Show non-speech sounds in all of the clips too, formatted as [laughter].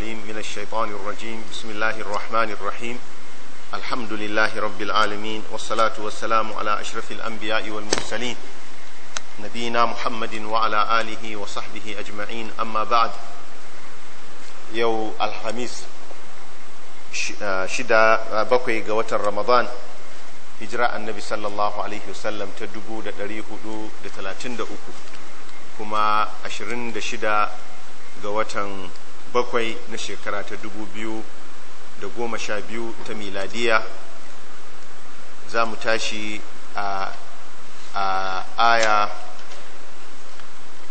العليم من الشيطان الرجيم بسم الله الرحمن الرحيم الحمد لله رب العالمين والصلاة والسلام على أشرف الأنبياء والمرسلين نبينا محمد وعلى آله وصحبه أجمعين أما بعد يو الخميس شدا بقي قوة رمضان هجرة النبي صلى الله عليه وسلم تدبو دريه دو دتلاتين دا أكو كما أشرين دا شدا ga watan bakwai na shekara ta dubu biyu da goma sha biyu ta miladiya za mu tashi a aya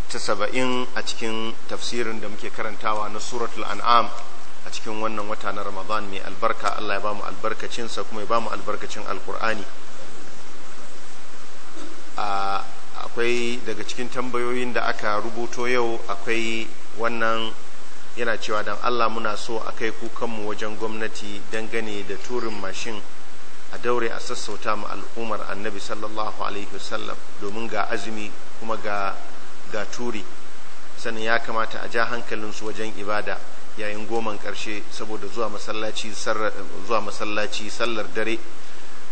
ta saba'in a cikin tafsirin da muke karantawa na suratul an'am a cikin wannan wata na ramadan mai albarka allah ya ba mu albarkacinsa kuma ya ba mu albarkacin alkur'ani akwai daga cikin tambayoyin da aka rubuto yau akwai wannan yana cewa don Allah muna so a kai kukanmu wajen gwamnati dangane da turin mashin a daure a sassauta mu al'ummar annabi sallallahu alaihi wasallam domin ga azumi kuma ga ga turi sannan ya kamata a ja hankalinsu wajen ibada yayin goman karshe saboda zuwa masallaci sallar dare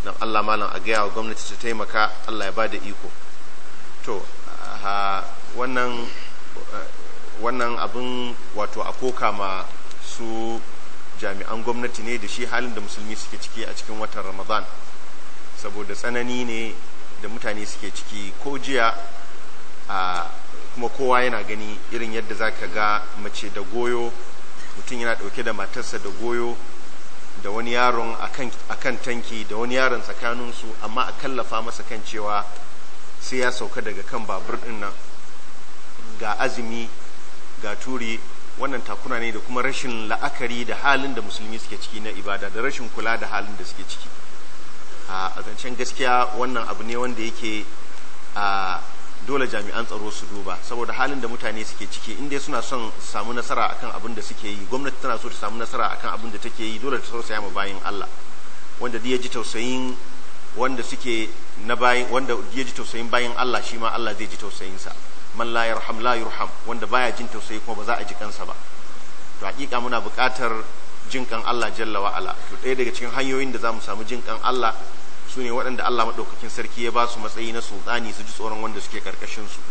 don Allah malam a gaya wa gwamnati ta taimaka Allah ya bada iko to wannan wannan abin wato a koka ma su jami'an gwamnati ne da shi halin da musulmi suke ciki a cikin watan ramadan saboda tsanani ne da mutane suke ciki ko jiya a kuma kowa yana gani irin yadda za ka ga mace da goyo mutum yana dauke da matarsa da goyo da wani yaron a kan tanki da wani yaron tsakaninsu amma a kallafa masa kan cewa sai ya sauka daga kan babur din nan ga azumi ga ture wannan takuna ne da kuma rashin la'akari da halin da musulmi suke ciki na ibada da rashin kula da halin da suke ciki a zancen gaskiya wannan abu ne wanda yake a dole jami'an tsaro su duba saboda halin da mutane suke ciki inda suna son samu nasara akan abin da suke yi gwamnati tana so ta samu nasara akan abin da take yi dole ta tausaya ma bayan Allah wanda ya ji tausayin wanda suke na bayan wanda ya ji tausayin bayan Allah shi ma Allah zai ji tausayin sa man la yarham la yurham wanda baya jin tausayi kuma ba za a ji kansa ba to hakika muna buƙatar jin kan Allah jalla wa ala to ɗaya daga cikin hanyoyin da zamu samu jin kan Allah sune waɗanda Allah maɗaukakin sarki ya ba su matsayi na sultani su ji tsoron wanda suke karkashin su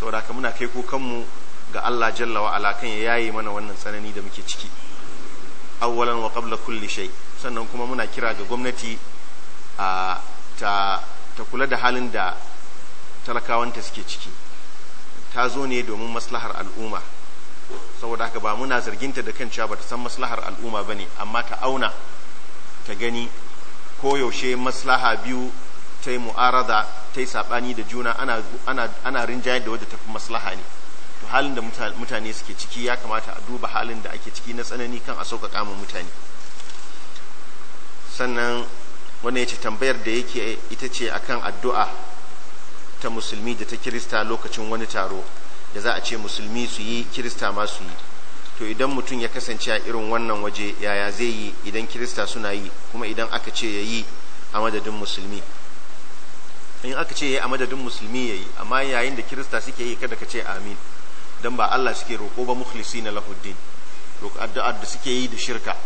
saboda haka muna kai mu ga Allah jalla wa ala kan ya yaye mana wannan tsanani da muke ciki awwalan wa qabla kulli shay sannan kuma muna kira ga gwamnati a ta ta kula da halin da talakawanta suke ciki ta zo ne domin maslahar al'umma saboda haka ba muna zarginta da kan cewa ta san maslahar al'umma ba ne amma ta auna ta gani koyaushe maslaha biyu ta yi mu'arada ta yi saɓani da juna ana, rinjayar da wadda tafi maslaha ne to halin da mutane suke ciki ya kamata a duba halin da ake ciki na tsanani kan a sauƙaƙa ma mutane sannan wani ya ce tambayar da yake ita ce akan addu'a ta musulmi da ta kirista lokacin wani taro da za a ce musulmi su yi kirista ma su yi to idan mutum ya kasance a irin wannan waje yaya zai yi idan kirista suna yi kuma idan aka ce ya yi a madadin musulmi in aka ce ya yi a madadin musulmi ya yi amma yayin da kirista suke yi kada ka ce amin don ba Allah suke roƙo ba mukhlisi na lahuddin addu'ar da suke yi da shirka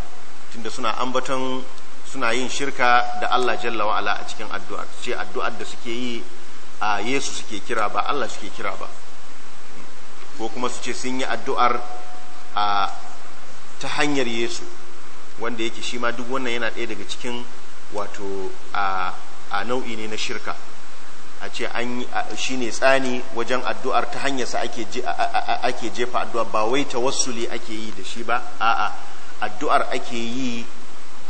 tunda suna ambaton suna yin shirka da Allah jalla wa'ala a cikin addu'ar ce addu'ar da suke yi a yesu suke kira ba allah suke kira ba ko kuma su ce sun yi addu'ar a ta hanyar yesu wanda yake shi ma duk wannan yana ɗaya daga cikin wato a nau'i ne na shirka a ce shi ne tsani wajen addu'ar ta hanyar sa ake jefa addu'ar ba wai ta wasu ake yi da shi ba a'a addu'ar ake yi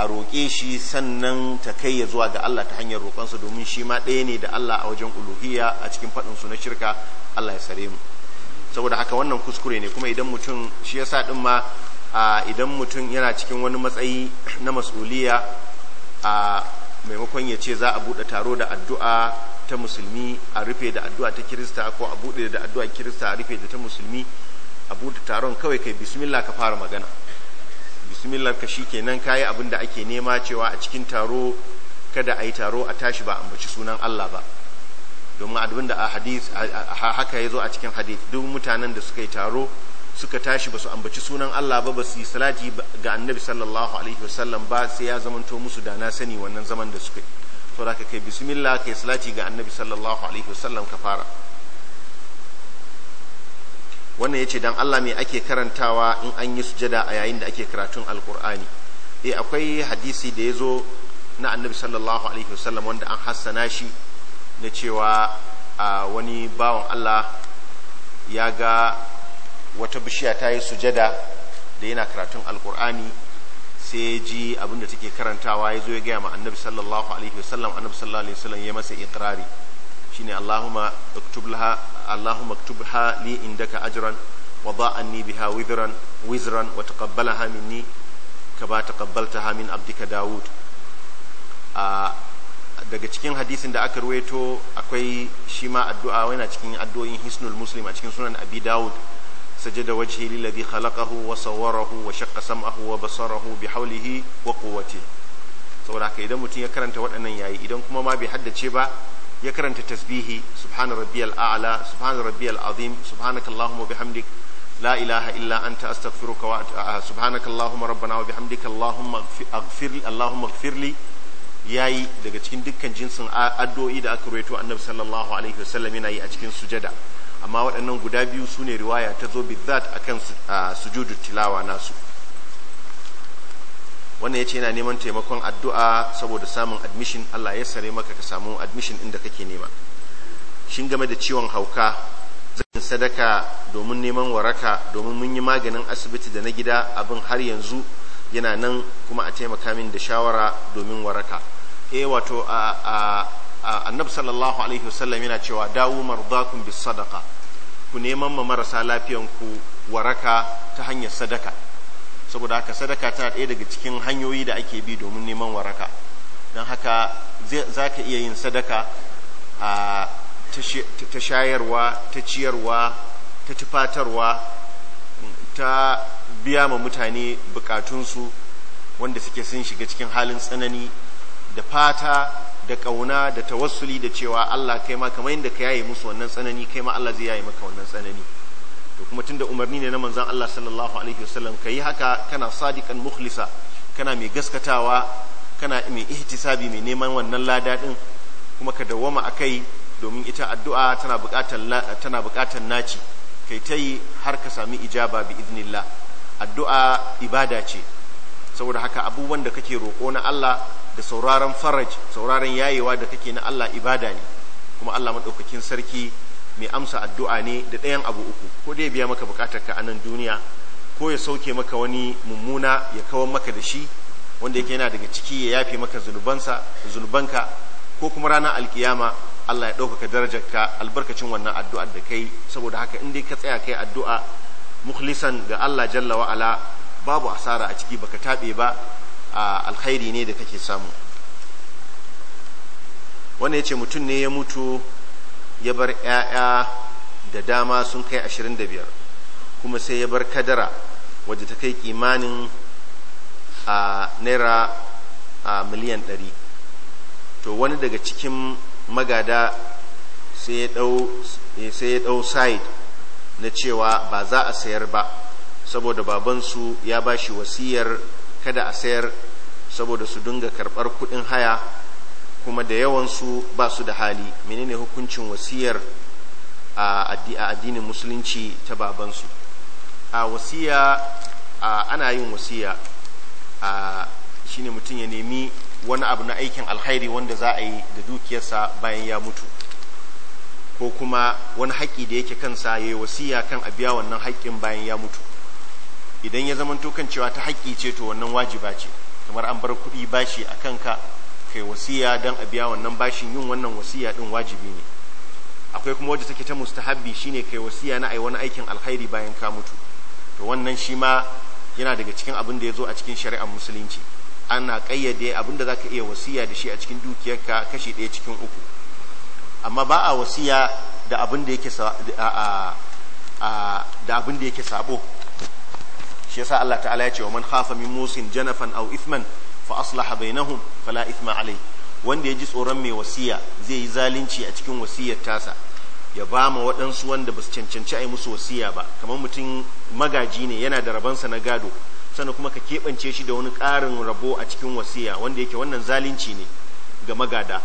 a roƙe shi sannan ta kai ya zuwa ga Allah ta hanyar roƙonsa domin shi ma ɗaya ne da Allah a wajen uluhiyya a cikin faɗin su na shirka Allah ya sare mu saboda haka wannan kuskure ne kuma idan mutum shi yasa din ma idan mutum yana cikin wani matsayi na mas'uliya a maimakon ya ce za a buɗe taro da addu'a ta musulmi a rufe da addu'a ta kirista ko a buɗe da addu'a kirista a rufe da ta musulmi a buɗe taron kawai kai bismillah ka fara magana bismillah ka shi kenan kayi abin da ake nema cewa a cikin taro kada a yi taro a tashi ba ambaci sunan Allah ba domin abin da a hadith haka ya zo a cikin hadith duk mutanen da suka yi taro suka tashi ba su ambaci sunan Allah ba ba su yi salati ga annabi sallallahu alaihi wasallam ba sai ya zamanto musu da na sani wannan zaman da suka yi saboda ka kai bismillah kai salati ga annabi sallallahu alaihi wasallam ka fara wannan ya ce don Allah me ake karantawa in an yi sujada a yayin da ake karatun alkur'ani e eh, akwai hadisi da ya zo na annabi sallallahu alaihi wasallam wanda an hassana shi na cewa a wani bawan Allah ya ga wata bishiya ta yi sujada da yana karatun alkur'ani sai ya ji abinda take karantawa ya zo ya gaya ma annabi sallallahu alaihi wasallam annabi sallallahu alaihi wasallam ya masa ikrari shine Allahumma uktub laha Allahumma uktubha li indaka ajran wa da'anni biha wizran wizran wa taqabbalaha minni kaba taqabbaltaha min abdika Dawud a daga cikin hadisin da aka ruwaito akwai shi ma addu'a wani cikin addu'o'in hisnul muslim a cikin sunan abi Dawud sawwarahu wa shaqqa sam'ahu wa basarahu bi hawlihi wa quwwatihi saboda haka idan mutum ya karanta waɗannan yayi idan kuma ma bai haddace ba ya karanta tasbihi subhana rabbiyal a'la subhana rabbiyal azim subhanakallahumma bihamdik la ilaha illa anta astaghfiruka wa ah, allahumma rabbana wa bihamdika allahumma aghfir allahumma li yayi daga cikin dukkan jinsin addu'o'i da aka rawaito annabi sallallahu alaihi wasallam yana yi a cikin sujada amma waɗannan guda biyu sune riwaya ta zo bizzat akan ah, sujudu tilawa nasu wannan ya ce yana neman taimakon addu'a saboda samun admission Allah ya sare maka ka samu admission inda kake nema shin game da ciwon hauka zan sadaka domin neman waraka domin mun yi maganin asibiti da na gida abin har yanzu yana nan kuma a taimaka min da shawara domin waraka eh wato a annabi sallallahu alaihi wasallam yana cewa dawo mardakum bis sadaqa ku neman ma marasa lafiyan ku waraka ta hanyar sadaka saboda haka sadaka tana ɗaya daga cikin hanyoyi da ake bi domin neman waraka don haka za ka iya yin sadaka a ta shayarwa ta ciyarwa ta tufatarwa ta biya ma mutane bukatunsu wanda suke sun shiga cikin halin tsanani da fata da ƙauna da tawassuli da cewa Allah kai ma kamar yadda ka yaye musu wannan tsanani kai ma Allah zai yaye maka wannan tsanani to kuma tunda umarni ne na manzan Allah sallallahu alaihi wasallam yi haka kana sadiqan mukhlisa kana mai gaskatawa kana mai ihtisabi mai neman wannan lada din kuma ka dawwama akai domin ita addu'a tana buƙatar tana buƙatar naci kai tayi har ka sami ijaba bi idnillah addu'a ibada ce saboda haka abubuwan da kake roƙo na Allah da sauraron faraj sauraron yayewa da kake na Allah ibada ne kuma Allah madaukakin sarki mai amsa addu'a ne da ɗayan abu uku ko dai biya maka bukatar ka anan duniya ko ya sauke maka wani mummuna ya kawar maka da shi wanda yake yana daga ciki ya yafe maka zunubansa zunubanka ko kuma ranar alkiyama Allah ya ɗaukaka darajar ka albarkacin wannan addu'a da kai saboda haka in dai ka tsaya kai addu'a mukhlisan ga Allah jalla wa'ala babu asara a ciki baka taɓe ba a alkhairi ne da kake samu wanda ya ce mutum ne ya mutu ya bar ‘ya'ya da dama sun kai ashirin da biyar kuma sai ya bar kadara wadda ta kai kimanin a naira a miliyan ɗari to wani daga cikin magada sai ya ɗau side na cewa ba za a sayar ba saboda babansu ya ba shi wasiyar kada a sayar saboda su dinga karɓar kuɗin haya kuma da yawansu ba su da hali menene hukuncin wasiyar a addinin musulunci ta babansu a wasiya ana yin wasiya shine mutum ya nemi wani abu na aikin alkhairi wanda za a yi da dukiyarsa bayan ya mutu ko kuma wani haƙƙi da yake kansa ya yi wasiya kan a biya wannan haƙƙin bayan ya mutu idan ya zama kan cewa ta haƙƙi ce to wannan wajiba ce kamar an bar kuɗi bashi a kanka Kai wasiya don a biya wannan bashin yin wannan wasiya din wajibi ne akwai kuma waje take ta mustahabbi shine kai wasiya na ai wani aikin alkhairi bayan ka mutu to wannan shi ma yana daga cikin abin da ya zo a cikin shari'ar musulunci ana kayyade abin da zaka iya wasiya da shi a cikin dukiyarka kashi ɗaya cikin uku amma ba a wasiya da abin da yake da abin da yake sabo shi yasa Allah ta'ala ya ce wa man khafa min musin janafan aw ithman fa aslaha bainahum fala ithma alai wanda ya ji tsoron mai wasiya zai yi zalunci a cikin wasiyar tasa ya ba ma waɗansu wanda ba su cancanci a musu wasiya ba kamar mutum magaji ne yana da rabansa na gado sannan kuma ka keɓance shi da wani ƙarin rabo a cikin wasiya wanda yake wannan zalunci ne ga magada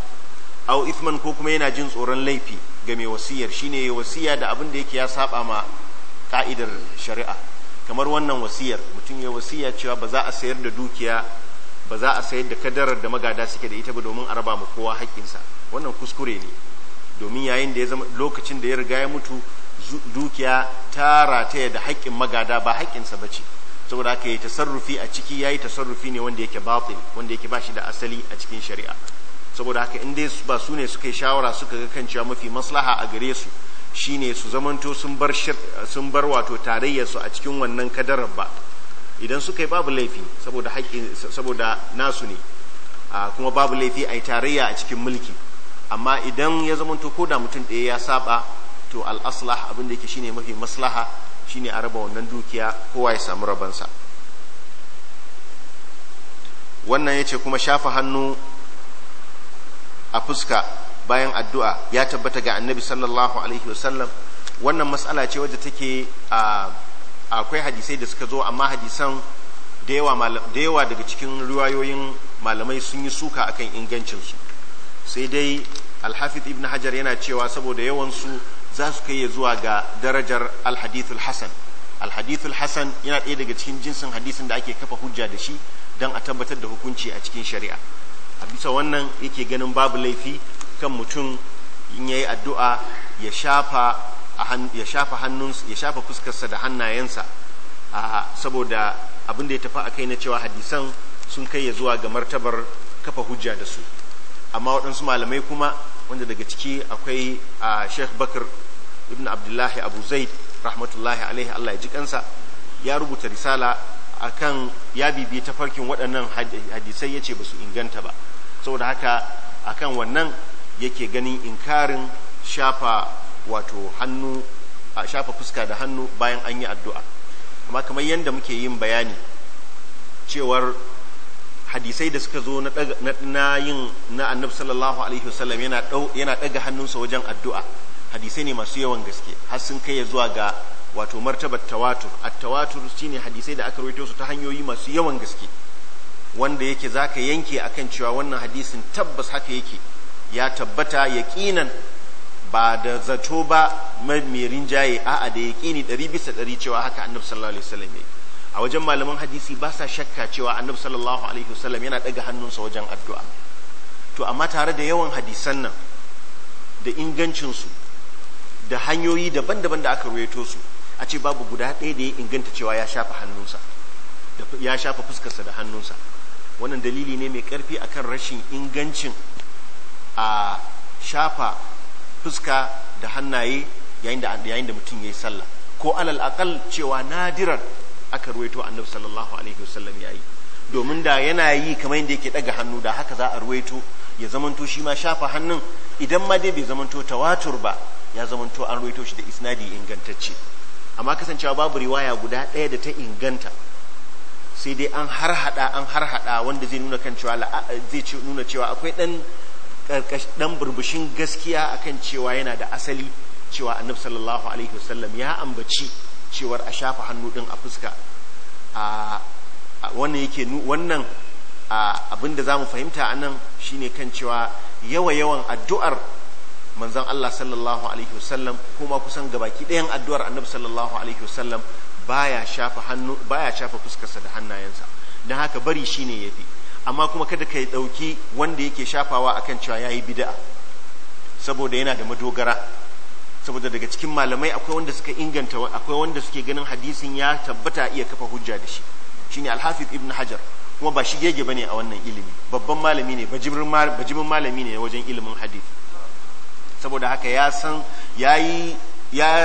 au ithman ko kuma yana jin tsoron laifi ga mai wasiyar shine wasiya da abin da yake ya saba ma ka'idar shari'a kamar wannan wasiyar mutum ya wasiya cewa ba za a sayar da dukiya ba za a sayar da kadarar da magada suke da ita ba domin a raba kowa haƙƙinsa wannan kuskure ne domin yayin da ya zama lokacin da ya riga ya mutu dukiya ta rataya da haƙƙin magada ba haƙƙinsa ba ce saboda haka yi tasarrufi a ciki ya yi tasarrufi ne wanda yake batil wanda yake ba shi da asali a cikin shari'a saboda haka in dai ba su ne suka yi shawara suka ga kan cewa mafi maslaha a gare su shine su zamanto sun bar wato tarayyarsu a cikin wannan kadarar ba idan suka yi babu laifi saboda haƙƙi saboda nasu ne kuma babu laifi a tarayya a cikin mulki amma idan ya zamanto ko da mutum ɗaya ya saba to al'aslah abin da yake shine mafi maslaha shine a raba wannan dukiya kowa ya samu rabansa wannan ya ce kuma shafa hannu a fuska bayan addu'a ya tabbata ga annabi sallallahu alaihi wasallam wannan matsala ce wadda take a akwai hadisai da suka zo amma hadisan da yawa daga cikin riwayoyin malamai sun yi suka akan ingancinsu sai dai alhafiz ibn hajar yana cewa saboda yawansu za su kai ya zuwa ga darajar alhadithul Hassan. alhadithul Hassan yana ɗaya daga cikin jinsin hadisin da ake kafa hujja da shi don a tabbatar da hukunci a cikin shari'a a bisa wannan yake ganin babu laifi kan mutum in yayi addu'a ya shafa ya shafa hannunsa ya shafa fuskarsa da hannayensa saboda abin da ya tafi a kai na cewa hadisan sun kai ya zuwa ga martabar kafa hujja da su amma waɗansu malamai kuma wanda daga ciki akwai a sheikh bakar ibn abdullahi abu zaid rahmatullahi alaihi allah ya ji kansa ya rubuta risala akan ya bibi farkin waɗannan hadisai ya ce ba su inganta ba saboda haka akan wannan yake ganin inkarin shafa wato hannu a shafa fuska da hannu bayan an yi addu'a amma kamar yadda muke yin bayani cewar hadisai da suka zo na yin na annab sallallahu alaihi wasallam yana ɗaga hannunsa wajen addu'a hadisai ne masu yawan gaske har sun kai zuwa ga wato martabar tawatur a tawatur shi ne hadisai da aka rawaito su ta hanyoyi masu yawan gaske wanda yake zaka yanke akan cewa wannan hadisin tabbas haka yake ya tabbata yaqinan ba da zato ba mai rinjaye a'a da ya ni ɗari bisa ɗari cewa haka annab sallallahu alaihi wasallam yayi a wajen malaman hadisi ba sa shakka cewa annab sallallahu alaihi wasallam yana daga hannunsa wajen addu'a to amma tare da yawan hadisan nan da ingancinsu da hanyoyi daban-daban da aka ruwaito su a ce babu guda ɗaya da ya inganta cewa ya shafa hannunsa ya shafa fuskarsa da hannunsa wannan dalili ne mai ƙarfi akan rashin ingancin a shafa fuska da hannaye yayin da yayin da mutum yayi sallah ko alal aqal cewa nadiran aka ruwaito annabi sallallahu alaihi wasallam yayi domin da yana yi kamar yadda yake daga hannu da haka za a ruwaito ya zamanto shi ma shafa hannun idan ma dai bai zamanto tawatur ba ya zamanto an ruwaito shi da isnadi ingantacce amma kasancewa babu riwaya guda ɗaya da ta inganta sai dai an harhaɗa an harhaɗa wanda zai nuna kan cewa zai nuna cewa akwai ɗan dan burbushin gaskiya akan cewa yana da asali cewa annabi sallallahu alaihi wasallam ya ambaci cewar a shafa hannu din a fuska a wannan yake wannan abin da zamu fahimta anan shine kan cewa yawa yawan addu'ar manzon Allah sallallahu alaihi wasallam kuma kusan gabaki ɗayan addu'ar annabi sallallahu alaihi wasallam baya shafa hannu baya shafa fuskarsa da hannayensa don haka bari shine yafi amma kuma kada ka ɗauki wanda yake shafawa akan cewa ya yi bida'a saboda yana da madogara saboda daga cikin malamai akwai wanda suka inganta akwai wanda suke ganin hadisin ya tabbata iya kafa hujja da shi shi shine alhafiz ibn hajar kuma ba shi gege bane a wannan ilimi babban malami ne bajibin malami ne wajen ilimin hadith saboda haka ya san ya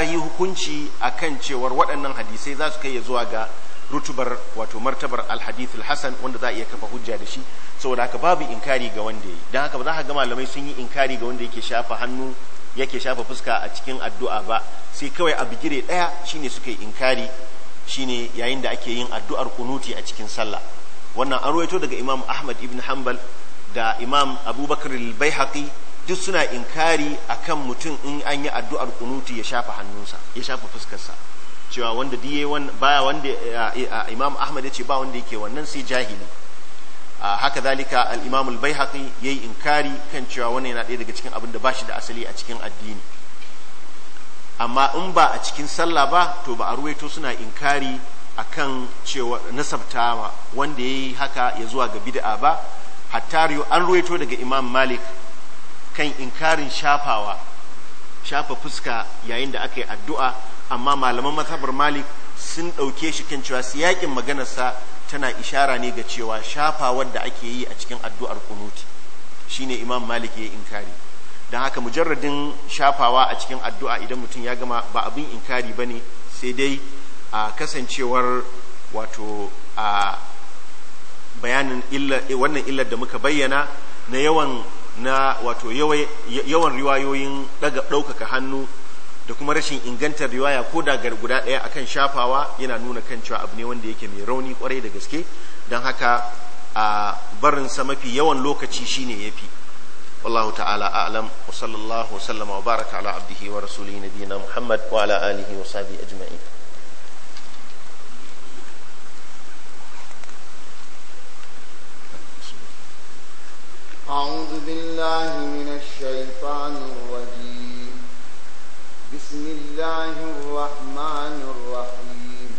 yi hukunci a kan cewar waɗannan hadisai za su kai ya zuwa ga rutubar wato martabar alhadith alhasan wanda za a iya kafa hujja da shi saboda haka babu inkari ga wanda yi don haka ba za ka ga malamai sun yi inkari ga wanda yake shafa hannu yake shafa fuska a cikin addu'a ba sai kawai a bigire daya shine suka yi inkari shine yayin da ake yin addu'ar kunuti a cikin sallah wannan an ruwaito daga imam ahmad ibn hanbal da imam abubakar al-baihaqi duk suna inkari akan mutum in an yi addu'ar kunuti ya shafa hannunsa ya shafa fuskarsa cewa wanda diye baya wanda imam ahmad ya ce ba wanda yake wannan sai jahili haka zalika al-imam al-baihaqi yayi inkari kan cewa wannan yana ɗaya daga cikin abin da bashi da asali a cikin addini amma in ba a cikin sallah ba to ba a ruwaito suna inkari akan cewa nasabta wanda yayi haka ya zuwa ga bid'a ba hatta an ruwaito daga imam malik kan inkarin shafawa shafa fuska yayin da aka yi addu'a amma malaman mazhabar malik sun ɗauke shi kan cewa siyakin maganarsa tana ishara ne ga cewa shafa wadda ake yi a cikin addu'ar kunuti shine imam malik ya inkari don haka mujarradin shafawa a cikin addu'a idan mutum ya gama ba abin inkari ba ne sai dai a kasancewar wato a bayanin eh, wannan illar da muka bayyana na yawan na wato yawan riwayoyin ɗaukaka hannu da kuma rashin ingantar riwaya ko da guda ɗaya akan shafawa yana nuna kan cewa abu ne wanda yake mai rauni kwarai da gaske don haka a barinsa mafi yawan lokaci shine yafi wallahu ta'ala a'lam wa sallallahu wa sallama wa baraka ala abdihi wa rasulihi nabiyina muhammad wa ala alihi wa sahbihi ajma'in أعوذ الله الرحمن الرحيم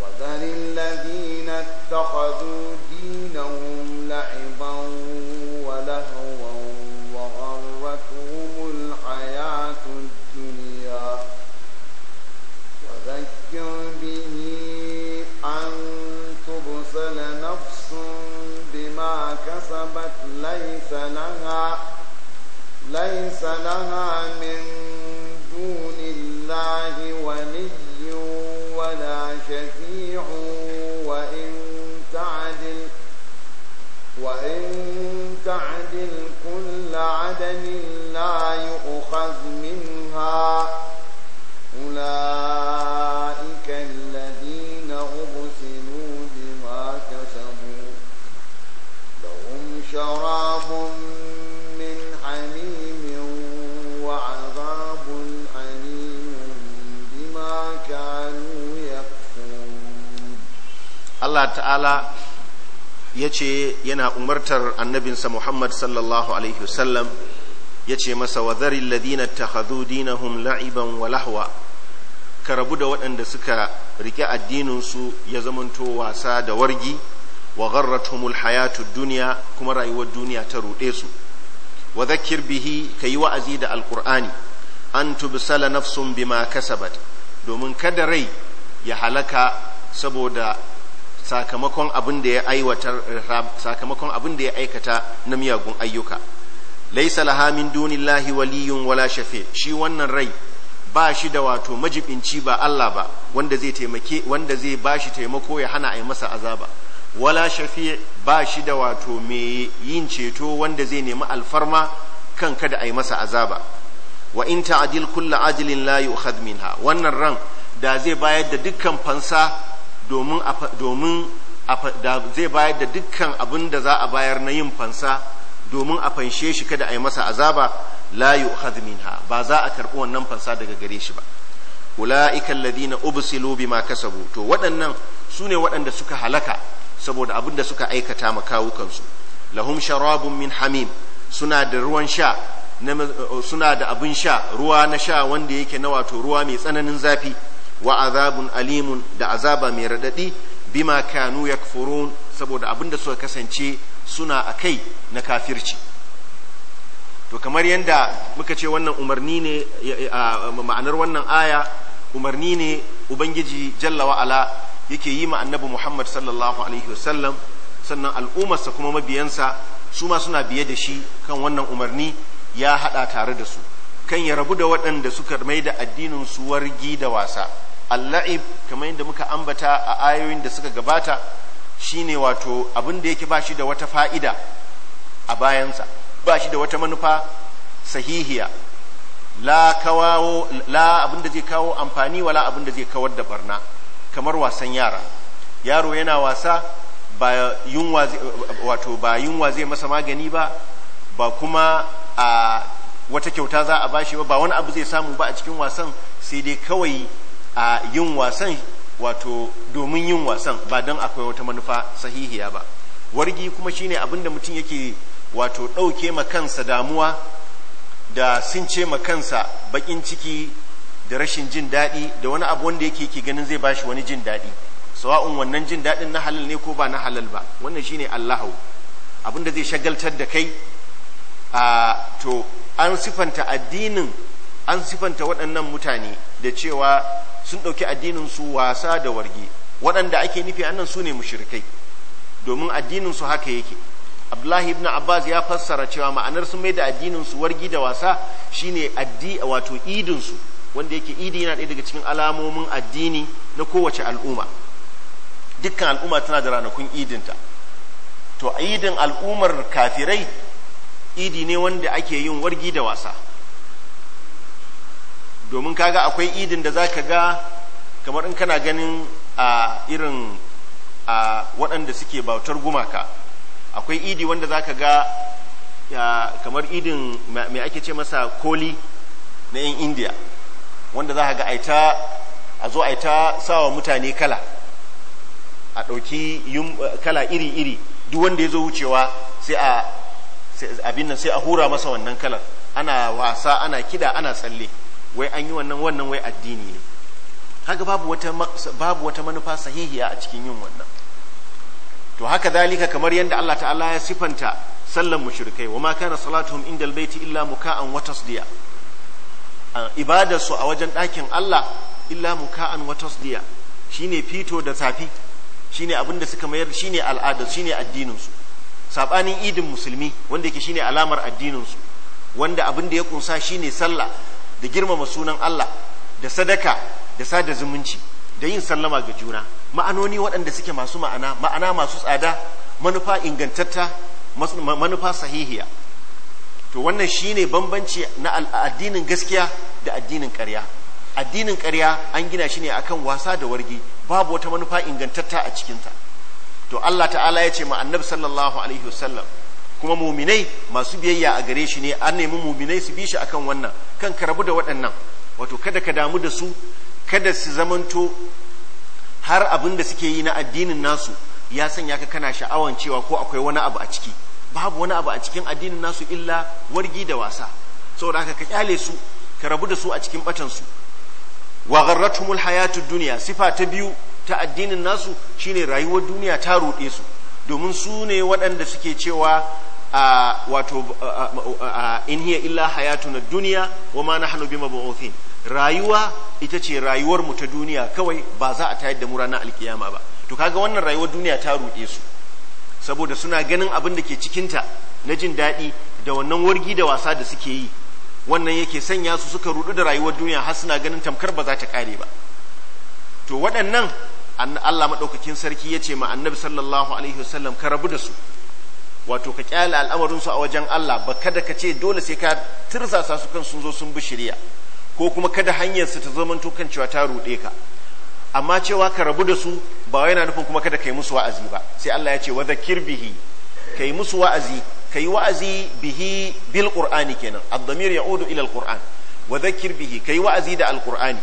وذل الذين اتخذوا دينهم لعبا ولهوا وغرتهم الحياة الدنيا وذكر به أن تبصل نفس بما كسبت ليس لها ليس لها من لله ولي ولا شفيع وإن تعدل وإن تعدل كل عدل لا يؤخذ منها أولئك الذين أبسلوا بما كسبوا لهم شراب من حميم وعذاب allah ta'ala الله تعالى yace yana umartar annabinsa Muhammad sallallahu alaihi wasallam yace masa wazarin dharil ladina takhadhu dinahum la'iban walahwa lahwa ka rabu da waɗanda suka riƙe addininsu ya zamanto wasa da wargi wa gharratuhumul hayatud dunya kuma rayuwar duniya ta ruɗe su wa dhakkir bihi kayi wa'azi da alqur'ani an tubsala nafsun bima kasabat domin kada rai ya halaka saboda sakamakon abin da ya aiwatar sakamakon abin da ya aikata na miyagun ayyuka laisa laha min dunillahi waliyun wala shafi shi wannan rai ba shi da wato majibinci ba Allah ba wanda zai taimake wanda zai bashi taimako ya hana ai masa azaba wala shafi ba shi da wato mai yin ceto wanda zai nemi alfarma kan kada ai masa azaba wa in ta'dil kullu ajilin la yu'khad minha wannan ran da zai bayar da dukkan fansa domin domin da zai bayar da dukkan abin da za a bayar na yin fansa domin a fanshe shi kada a yi masa azaba la yu'khad minha ba za a karbi wannan fansa daga gare shi ba ula'ika alladhina ubsilu bima kasabu to waɗannan sune waɗanda suka halaka saboda abin da suka aikata ma kawukansu lahum sharabun min hamim suna da ruwan sha suna da abin sha ruwa na sha wanda yake na wato ruwa mai tsananin zafi wa azabun alimun da azaba mai radadi bima kanu yakfurun saboda abin da suka kasance suna a kai na kafirci to kamar yadda muka ce wannan umarni ne ma'anar wannan aya umarni ne ubangiji jalla wa'ala yake yi ma annabi muhammad sallallahu alaihi wasallam sannan al'ummarsa kuma mabiyansa su ma suna biye da shi kan wannan umarni ya hada tare da su kan ya rabu da waɗanda suka mai da addinin su wargi da wasa alla'ib kamar yadda muka ambata a ayoyin da suka gabata shine wato abin da yake bashi da wata fa'ida a bayansa bashi da wata manufa sahihiya la kawawo la abin da zai kawo amfani wala abin da zai kawar da barna kamar wasan yara yaro yana wasa ba yunwa wato ba yunwa zai masa magani ba ba kuma a wata kyauta za a bashi ba wani abu zai samu ba a cikin wasan sai dai kawai a yin wasan wato domin yin wasan ba don akwai wata manufa sahihiya ba wargi kuma shine abin da mutum yake wato ɗauke ma kansa damuwa da sun ce ma kansa baƙin ciki da rashin jin daɗi da wani abu wanda yake ke ganin zai bashi wani jin daɗi sawa'un wannan jin daɗin na halal ne ko ba na halal ba wannan shine allahu abin da zai shagaltar da kai a to an sifanta addinin an sifanta waɗannan mutane da cewa sun ɗauki addinin su wasa da warge waɗanda ake nufi annan su ne mushrikai domin addinin su haka yake abdullahi ibn abbas ya fassara cewa ma'anar sun mai da addinin su wargi da wasa shine addi wato idin su wanda yake idi yana ɗaya daga cikin alamomin addini na kowace al'umma dukkan al'umma tana da ranakun idinta to idin al'ummar kafirai idi ne wanda ake yin wargi da wasa domin kaga akwai idin da zaka ga kamar in kana ganin a irin a waɗanda suke bautar gumaka akwai idi wanda zaka ga kamar idin mai ake ce masa koli na 'yan indiya wanda za ga aita a zo aita sawa mutane kala a ɗauki kala iri-iri duk wanda ya zo wucewa sai a abin nan sai a hura masa wannan kalar ana wasa ana kida ana tsalle wai an yi wannan wannan wai addini ne haka babu wata babu wata manufa sahihiya a cikin yin wannan to haka zalika kamar yadda Allah ta'ala ya sifanta sallan mushrikai wa ma kana salatuhum indal baiti illa muka'an wa tasdiya ibadarsu a wajen dakin Allah illa muka'an wa tasdiya shine fito da safi shine abinda suka mayar shine al'ada shine addinin su sabanin idin musulmi wanda yake shine alamar addinin su wanda abin da ya kunsa shine sallah da girmama sunan Allah da sadaka da sada zumunci da yin sallama ga juna ma'anoni waɗanda suke masu ma'ana ma'ana masu tsada manufa ingantatta manufa sahihiya to wannan shine bambanci na addinin gaskiya da addinin ƙarya addinin ƙarya an gina shi ne akan wasa da wargi babu wata manufa ingantatta a cikinta to Allah ta'ala ya ce ma annabi sallallahu alaihi wasallam kuma muminai masu biyayya a gare shi ne an nemi muminai su bi shi akan wannan kan ka rabu da waɗannan wato kada ka damu da su kada su zamanto har abin da suke yi na addinin nasu ya sanya ka kana sha'awan cewa ko akwai wani abu a ciki babu wani abu a cikin addinin nasu illa wargi da wasa saboda haka ka kyale su ka rabu da su a cikin batansu su wa gharratuhumul hayatud dunya sifa ta biyu ta addinin nasu shine rayuwar duniya ta ruɗe su domin su ne waɗanda suke cewa a wato in hiya illa hayatuna duniya wa ma nahnu bima bu'uthin rayuwa ita ce rayuwar mu ta duniya kawai ba za a tayar da mu ranar alkiyama ba to kaga wannan rayuwar duniya ta ruɗe su saboda suna ganin abin da ke cikin ta na jin daɗi da wannan wargi da wasa da suke yi wannan yake sanya su suka rudu da rayuwar duniya har suna ganin tamkar ba za ta kare ba to waɗannan Allah maɗaukakin sarki ya ce ma annabi sallallahu alaihi wasallam ka rabu da su wato ka kyale al'amarinsu a wajen Allah ba kada ka ce dole sai ka tirsasa su kan sun zo sun bi shirya ko kuma kada hanyar su ta zama kan cewa ta ruɗe ka amma cewa ka rabu da su ba wai yana nufin kuma kada kai musu wa'azi ba sai Allah ya ce wa zakir bihi kai musu wa'azi kai wa'azi bihi bil qur'ani kenan ad-damir ya'udu ila al-qur'an wa zakir bihi kai wa'azi da al-qur'ani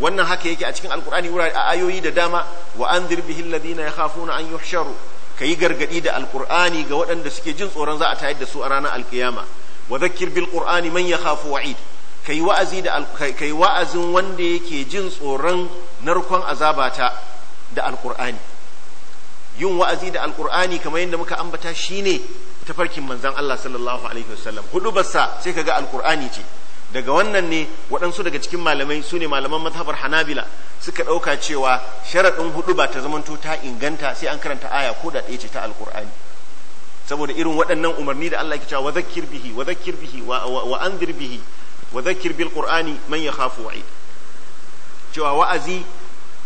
wannan haka yake a cikin alkur'ani wurare a ayoyi da dama wa anzir bihi alladhina yakhafuna an yuhsharu kayi gargadi da alkur'ani ga waɗanda suke jin tsoron za a tayar da su a ranar alkiyama wa zakir bil qur'ani man yakhafu wa'id kai wa'azi da kai wa'azin wanda yake jin tsoron narkon azabata da alkur'ani yin wa'azi da alkur'ani kamar yadda muka ambata shine tafarkin manzon Allah sallallahu alaihi wasallam hudu bassa sai kaga alkur'ani ce daga wannan ne waɗansu daga cikin malamai su ne malaman mazhabar hanabila suka ɗauka cewa sharaɗin hudu ba ta zamanto ta inganta sai an karanta aya ko da ɗaya ce ta alƙur'ani. saboda irin waɗannan umarni da Allah ke cewa wa zakkir bihi wa bihi wa anzir bihi wa bil qur'ani man yakhafu wa'id cewa wa'azi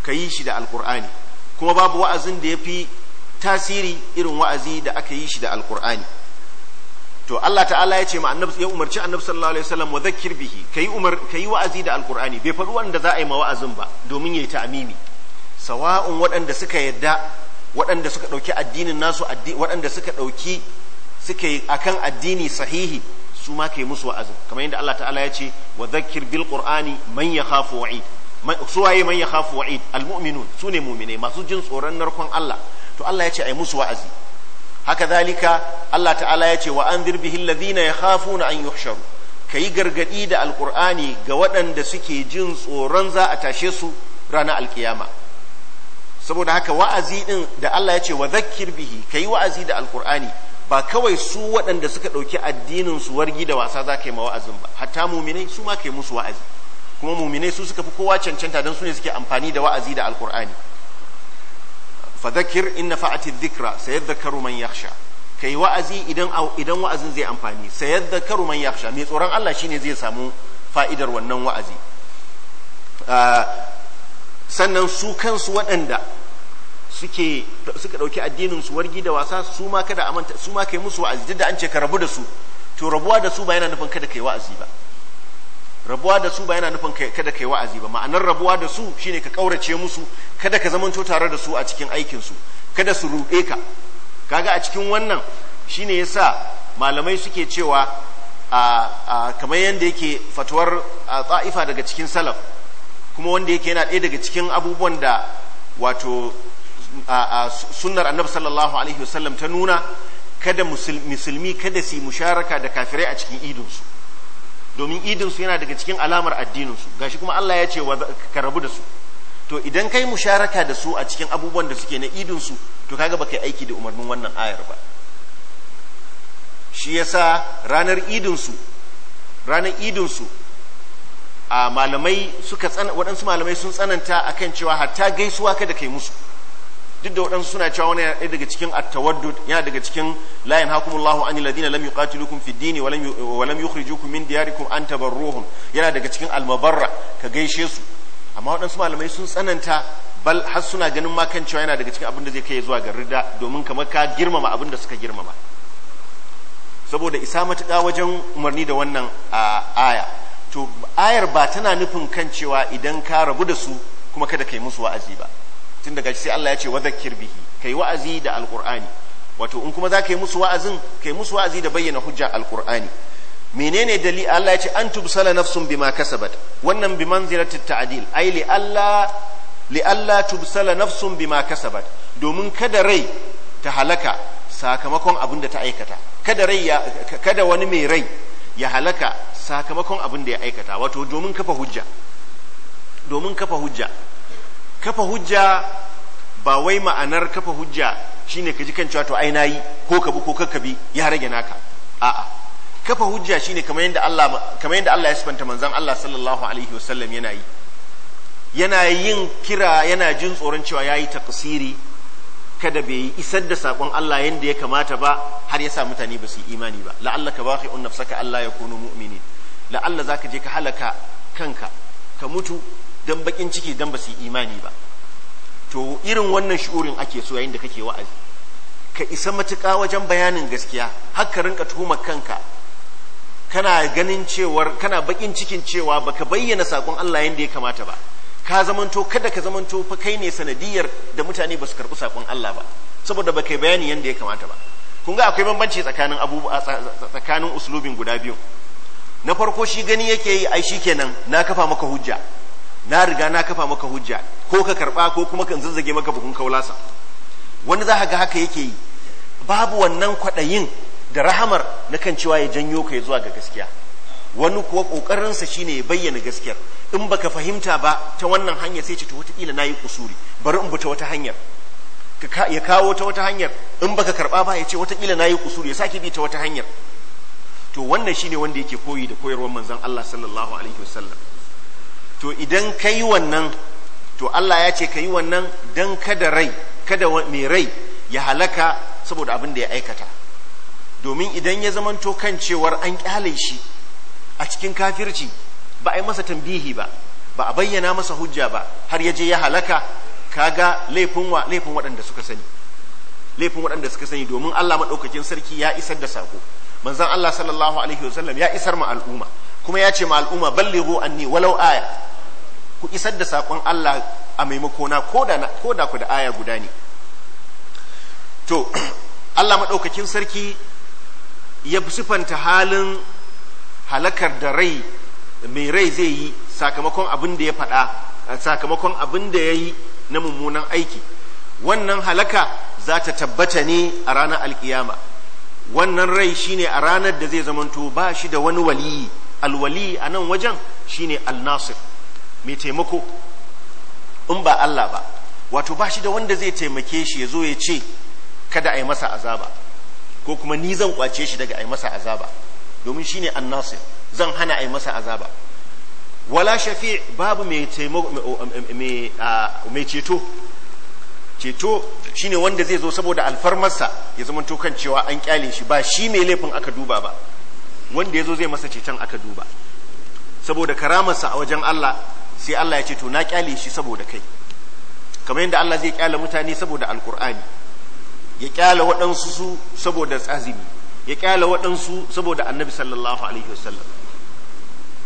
ka yi shi da alkur'ani kuma babu wa'azin da ya fi tasiri irin wa'azi da aka yi shi da alkur'ani to Allah ta'ala ya ce ma annabi ya umarci annabi sallallahu alaihi wasallam wa zakkir bihi kai umar kai wa'azi da alqur'ani bai faɗi wanda za a yi ma wa'azin ba domin yayi ta'amimi sawa'un waɗanda suka yadda waɗanda suka ɗauki addinin nasu waɗanda suka ɗauki suka yi akan addini sahihi su ma kai musu wa'azin kamar yadda Allah ta'ala ya ce wa zakkir bil qur'ani man yakhafu wa'id suwaye man yakhafu wa'id almu'minun sune mu'mine masu jin tsoron narkon Allah to Allah ya ce ai musu wa'azi haka zalika Allah ta'ala ya ce wa anzir ya hafu na an yuhsharu kayi gargadi da alqur'ani ga waɗanda suke jin tsoron za a tashe su ranar alkiyama saboda haka wa'azi din da Allah ya ce wa zakkir bihi kayi wa'azi da alqur'ani ba kawai su waɗanda suka ɗauki addinin su wargi da wasa za ka yi ma wa'azin ba hatta muminai su ma ka yi musu wa'azi kuma muminai su suka fi kowa cancanta don su ne suke amfani da wa'azi da alqur'ani fadhakir in nafa'ati dhikra sayadhakkaru man yakhsha kai wa'azi idan idan wa'azin zai amfani sayadhakkaru man yakhsha mai tsoron Allah shine zai samu fa'idar wannan wa'azi sannan su kansu waɗanda suke suka dauki addinin su wargi da wasa su ma kada amanta su ma kai musu wa'azi duk da an ce ka rabu da su to rabuwa da su ba yana nufin kada kai wa'azi ba rabuwa da su ba yana nufin kada kai wa'azi ba ma'anar rabuwa da su shine ka kaurace musu kada ka zamanto tare da su a cikin aikin su kada su ruɗe ka kaga a cikin wannan shine yasa malamai suke cewa a kamar yadda yake fatuwar tsa'ifa daga cikin salaf kuma wanda yake yana ɗaya daga cikin abubuwan da wato sunnar annabi sallallahu alaihi wasallam ta nuna kada musulmi kada su yi musharaka da kafirai a cikin idinsu domin idinsu yana daga cikin alamar addinin su gashi kuma Allah ya ce ka rabu da su to idan kai musharaka da su a cikin abubuwan da suke na idinsu, su to kaga baka aiki da umarnin wannan ayar ba shi yasa ranar idin ranar idin a malamai suka waɗansu malamai sun tsananta akan cewa hatta gaisuwa kada kai musu duk da waɗansu suna cewa wani yana daga cikin attawaddud yana daga cikin layin yanhakumullahu an ladina lam yuqatilukum fi dini wa lam yukhrijukum min diyarikum an tabarruhum yana daga cikin almabarra ka gaishe su amma waɗansu malamai sun tsananta bal har suna ganin ma kan cewa yana daga cikin abin da zai kai zuwa ga ridda domin kamar ka girmama abin da suka girmama saboda isa matuƙa wajen umarni da wannan aya to ayar ba tana nufin kan cewa idan ka rabu da su kuma kada kai musu wa'azi ba tun daga sai Allah ya ce wa zakkir bihi kai wa'azi da alqur'ani wato in kuma za ka yi musu wa'azin kai musu wa'azi da bayyana hujja alqur'ani menene dalili Allah ya ce an tubsala nafsun bima kasabat wannan bi manzilati ta'dil ai li Allah li Allah tubsala nafsun bima kasabat domin kada rai ta halaka sakamakon abin da ta aikata kada rai ya kada wani mai rai ya halaka sakamakon abin da ya aikata wato domin kafa hujja domin kafa hujja kafa hujja ba wai ma'anar kafa hujja shine ka ji kan cewa to ai yi ko ka bi ko kakka bi ya rage naka a'a kafa hujja shine kamar yadda Allah kamar yadda Allah ya sifanta manzon Allah sallallahu alaihi wasallam yana yi yana yin kira yana jin tsoron cewa yayi taqsiri kada bai yi isar da sakon Allah yadda ya kamata ba har ya sa mutane ba su yi imani ba la'alla ka baqi un nafsaka Allah ya kunu mu'minin la'alla ka je ka halaka kanka ka mutu don bakin ciki don ba su imani ba to irin wannan shi'urin ake so yayin da kake wa'azi ka isa matuƙa wajen bayanin gaskiya har ka rinka tuhumar kanka kana ganin cewar kana bakin cikin cewa baka bayyana sakon Allah yanda ya kamata ba ka zamanto kada ka zamanto fa kai ne sanadiyar da mutane ba su karɓi sakon Allah ba saboda baka yi bayani yanda ya kamata ba kun ga akwai bambanci tsakanin abubuwa tsakanin uslubin guda biyu na farko shi gani yake yi ai shikenan na kafa maka hujja na riga na kafa maka hujja ko ka karba ko kuma kan zazzage maka buhun kaulasa wani za ga haka yake yi babu wannan kwaɗayin da rahamar na kan cewa ya janyo ka zuwa ga gaskiya wani kuwa ƙoƙarinsa shine ya bayyana gaskiyar in baka fahimta ba ta wannan hanyar sai ce ta wataƙila na yi kusuri bari in bi wata hanyar ya kawo ta wata hanyar in baka karɓa ba ya ce wataƙila na yi kusuri ya sake bi ta wata hanyar to wannan shine wanda yake koyi da koyarwar manzon Allah sallallahu alaihi wasallam to idan ka yi wannan to Allah ya ce ka yi wannan don kada rai kada mai rai ya halaka saboda abin da ya aikata domin idan ya zamanto kan cewar an kyale shi a cikin kafirci ba a yi masa tambihi ba ba a bayyana masa hujja ba har ya je ya halaka kaga laifin wa laifin waɗanda suka sani laifin waɗanda suka sani domin Allah maɗaukakin sarki ya isar da sako manzon Allah sallallahu alaihi wasallam ya isar ma al'umma kuma ya ce ma al'umma ballighu anni walau aya ku isar da sakon Allah a maimakona ko da ku da aya guda ne to [clears throat] Allah maɗaukakin sarki ya sifanta halin halakar da rai mai rai zai yi sakamakon abin da ya faɗa sakamakon abin da ya yi na mummunan aiki wannan halaka za ta tabbata ne a ranar alkiyama wannan rai shine a ranar da zai zamanto ba shi da wani waliyi alwali a nan wajen shine al-nasir mai taimako in ba Allah ba wato ba shi da wanda zai taimake shi ya zo ya ce kada a yi masa azaba ko kuma ni zan kwace shi daga a yi masa azaba domin shi ne annasir zan hana a yi masa azaba wala shafi babu mai ceto ceto shi ne wanda zai zo saboda alfarmarsa ya zama kan cewa an kyale shi ba shi mai laifin aka duba ba wanda ya zo zai masa ceton aka duba saboda karamarsa a wajen Allah sai Allah ya ce to na kyale shi saboda kai kamar yadda Allah zai kyale mutane saboda alkur'ani ya kyale waɗansu su saboda tsazimi ya kyale waɗansu saboda annabi sallallahu alaihi wasallam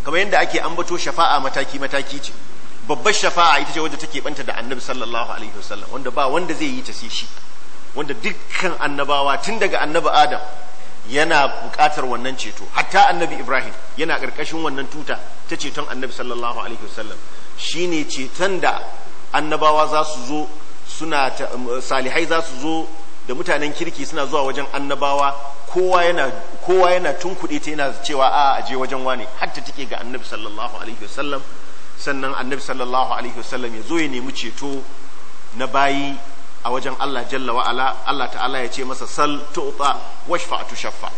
kamar yadda ake ambato shafa'a mataki mataki ce babbar shafa'a ita ce wadda take banta da annabi sallallahu alaihi wasallam wanda ba wanda zai yi ta sai shi wanda dukkan annabawa tun daga annabi adam yana buƙatar wannan ceto hatta annabi ibrahim yana ƙarƙashin wannan tuta ta ceton annabi sallallahu alaihi wasallam shine ceton da annabawa za su zo suna um, salihai za su zo da mutanen kirki suna zuwa wajen annabawa kowa yana kowa yana tunkuɗe ta yana cewa a aje wajen wane hatta take ga annabi sallallahu alaihi wasallam sannan annabi sallallahu alaihi wasallam ya zo ya nemi ceto na bayi a wajen Allah jalla wa ala Allah ta'ala ya ce masa sal tu'ta washfa tushaffa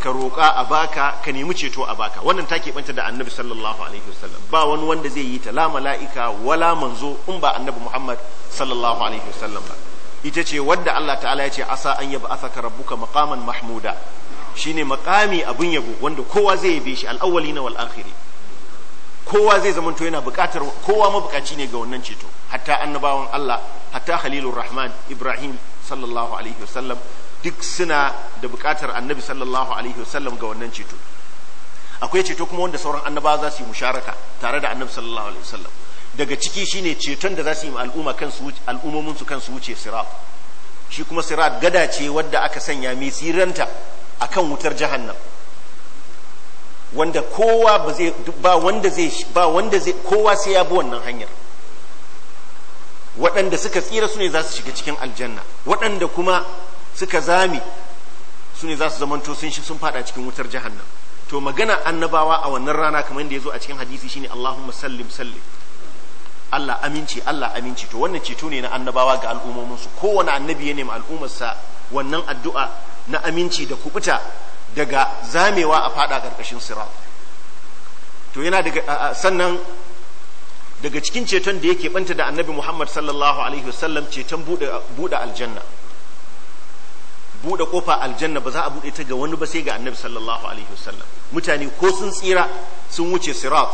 ka roƙa a baka ka nemi ceto a baka wannan take banta da annabi sallallahu alaihi wasallam ba wani wanda zai yi ta la mala'ika wala manzo in ba annabi Muhammad sallallahu alaihi wasallam ba ita ce wadda Allah ta'ala ya ce asa an yaba asaka rabbuka maqaman mahmuda shine maqami abun yabo wanda kowa zai yabe shi al-awwalina wal akhirina kowa zai zamanto yana buƙatar kowa mabukaci ne ga wannan ceto hatta annabawan Allah hatta Khalilur Rahman Ibrahim sallallahu alaihi wasallam duk suna da buƙatar annabi sallallahu alaihi wasallam ga wannan ceto akwai ceto kuma wanda sauran annabawa za su yi musharaka tare da annabi sallallahu alaihi wasallam daga ciki shine ceton da za su yi al'umma kansu al'ummomin su kansu wuce sirat shi kuma sirat gada ce wadda aka sanya mai a akan wutar jahannam wanda kowa ba zai ba wanda zai ba wanda zai kowa sai ya bi wannan hanyar waɗanda suka tsira su ne za su shiga cikin aljanna waɗanda kuma suka zami su ne za su zamanto sun shi sun fada cikin wutar jahannam to magana annabawa a wannan rana kamar yadda ya zo a cikin hadisi shine Allahumma sallim sallim Allah aminci Allah aminci to wannan ceto ne na annabawa ga su kowane annabi ya nemi al'ummarsa wannan addu'a na aminci da kubuta daga zamewa a fada karkashin sirat to yana daga sannan daga cikin ceton da yake banta da annabi Muhammad sallallahu alaihi wasallam ceton buɗe aljanna buɗe kofa aljanna ba za a buɗe ta ga wani ba sai ga annabi sallallahu alaihi wasallam mutane ko sun tsira sun wuce sirat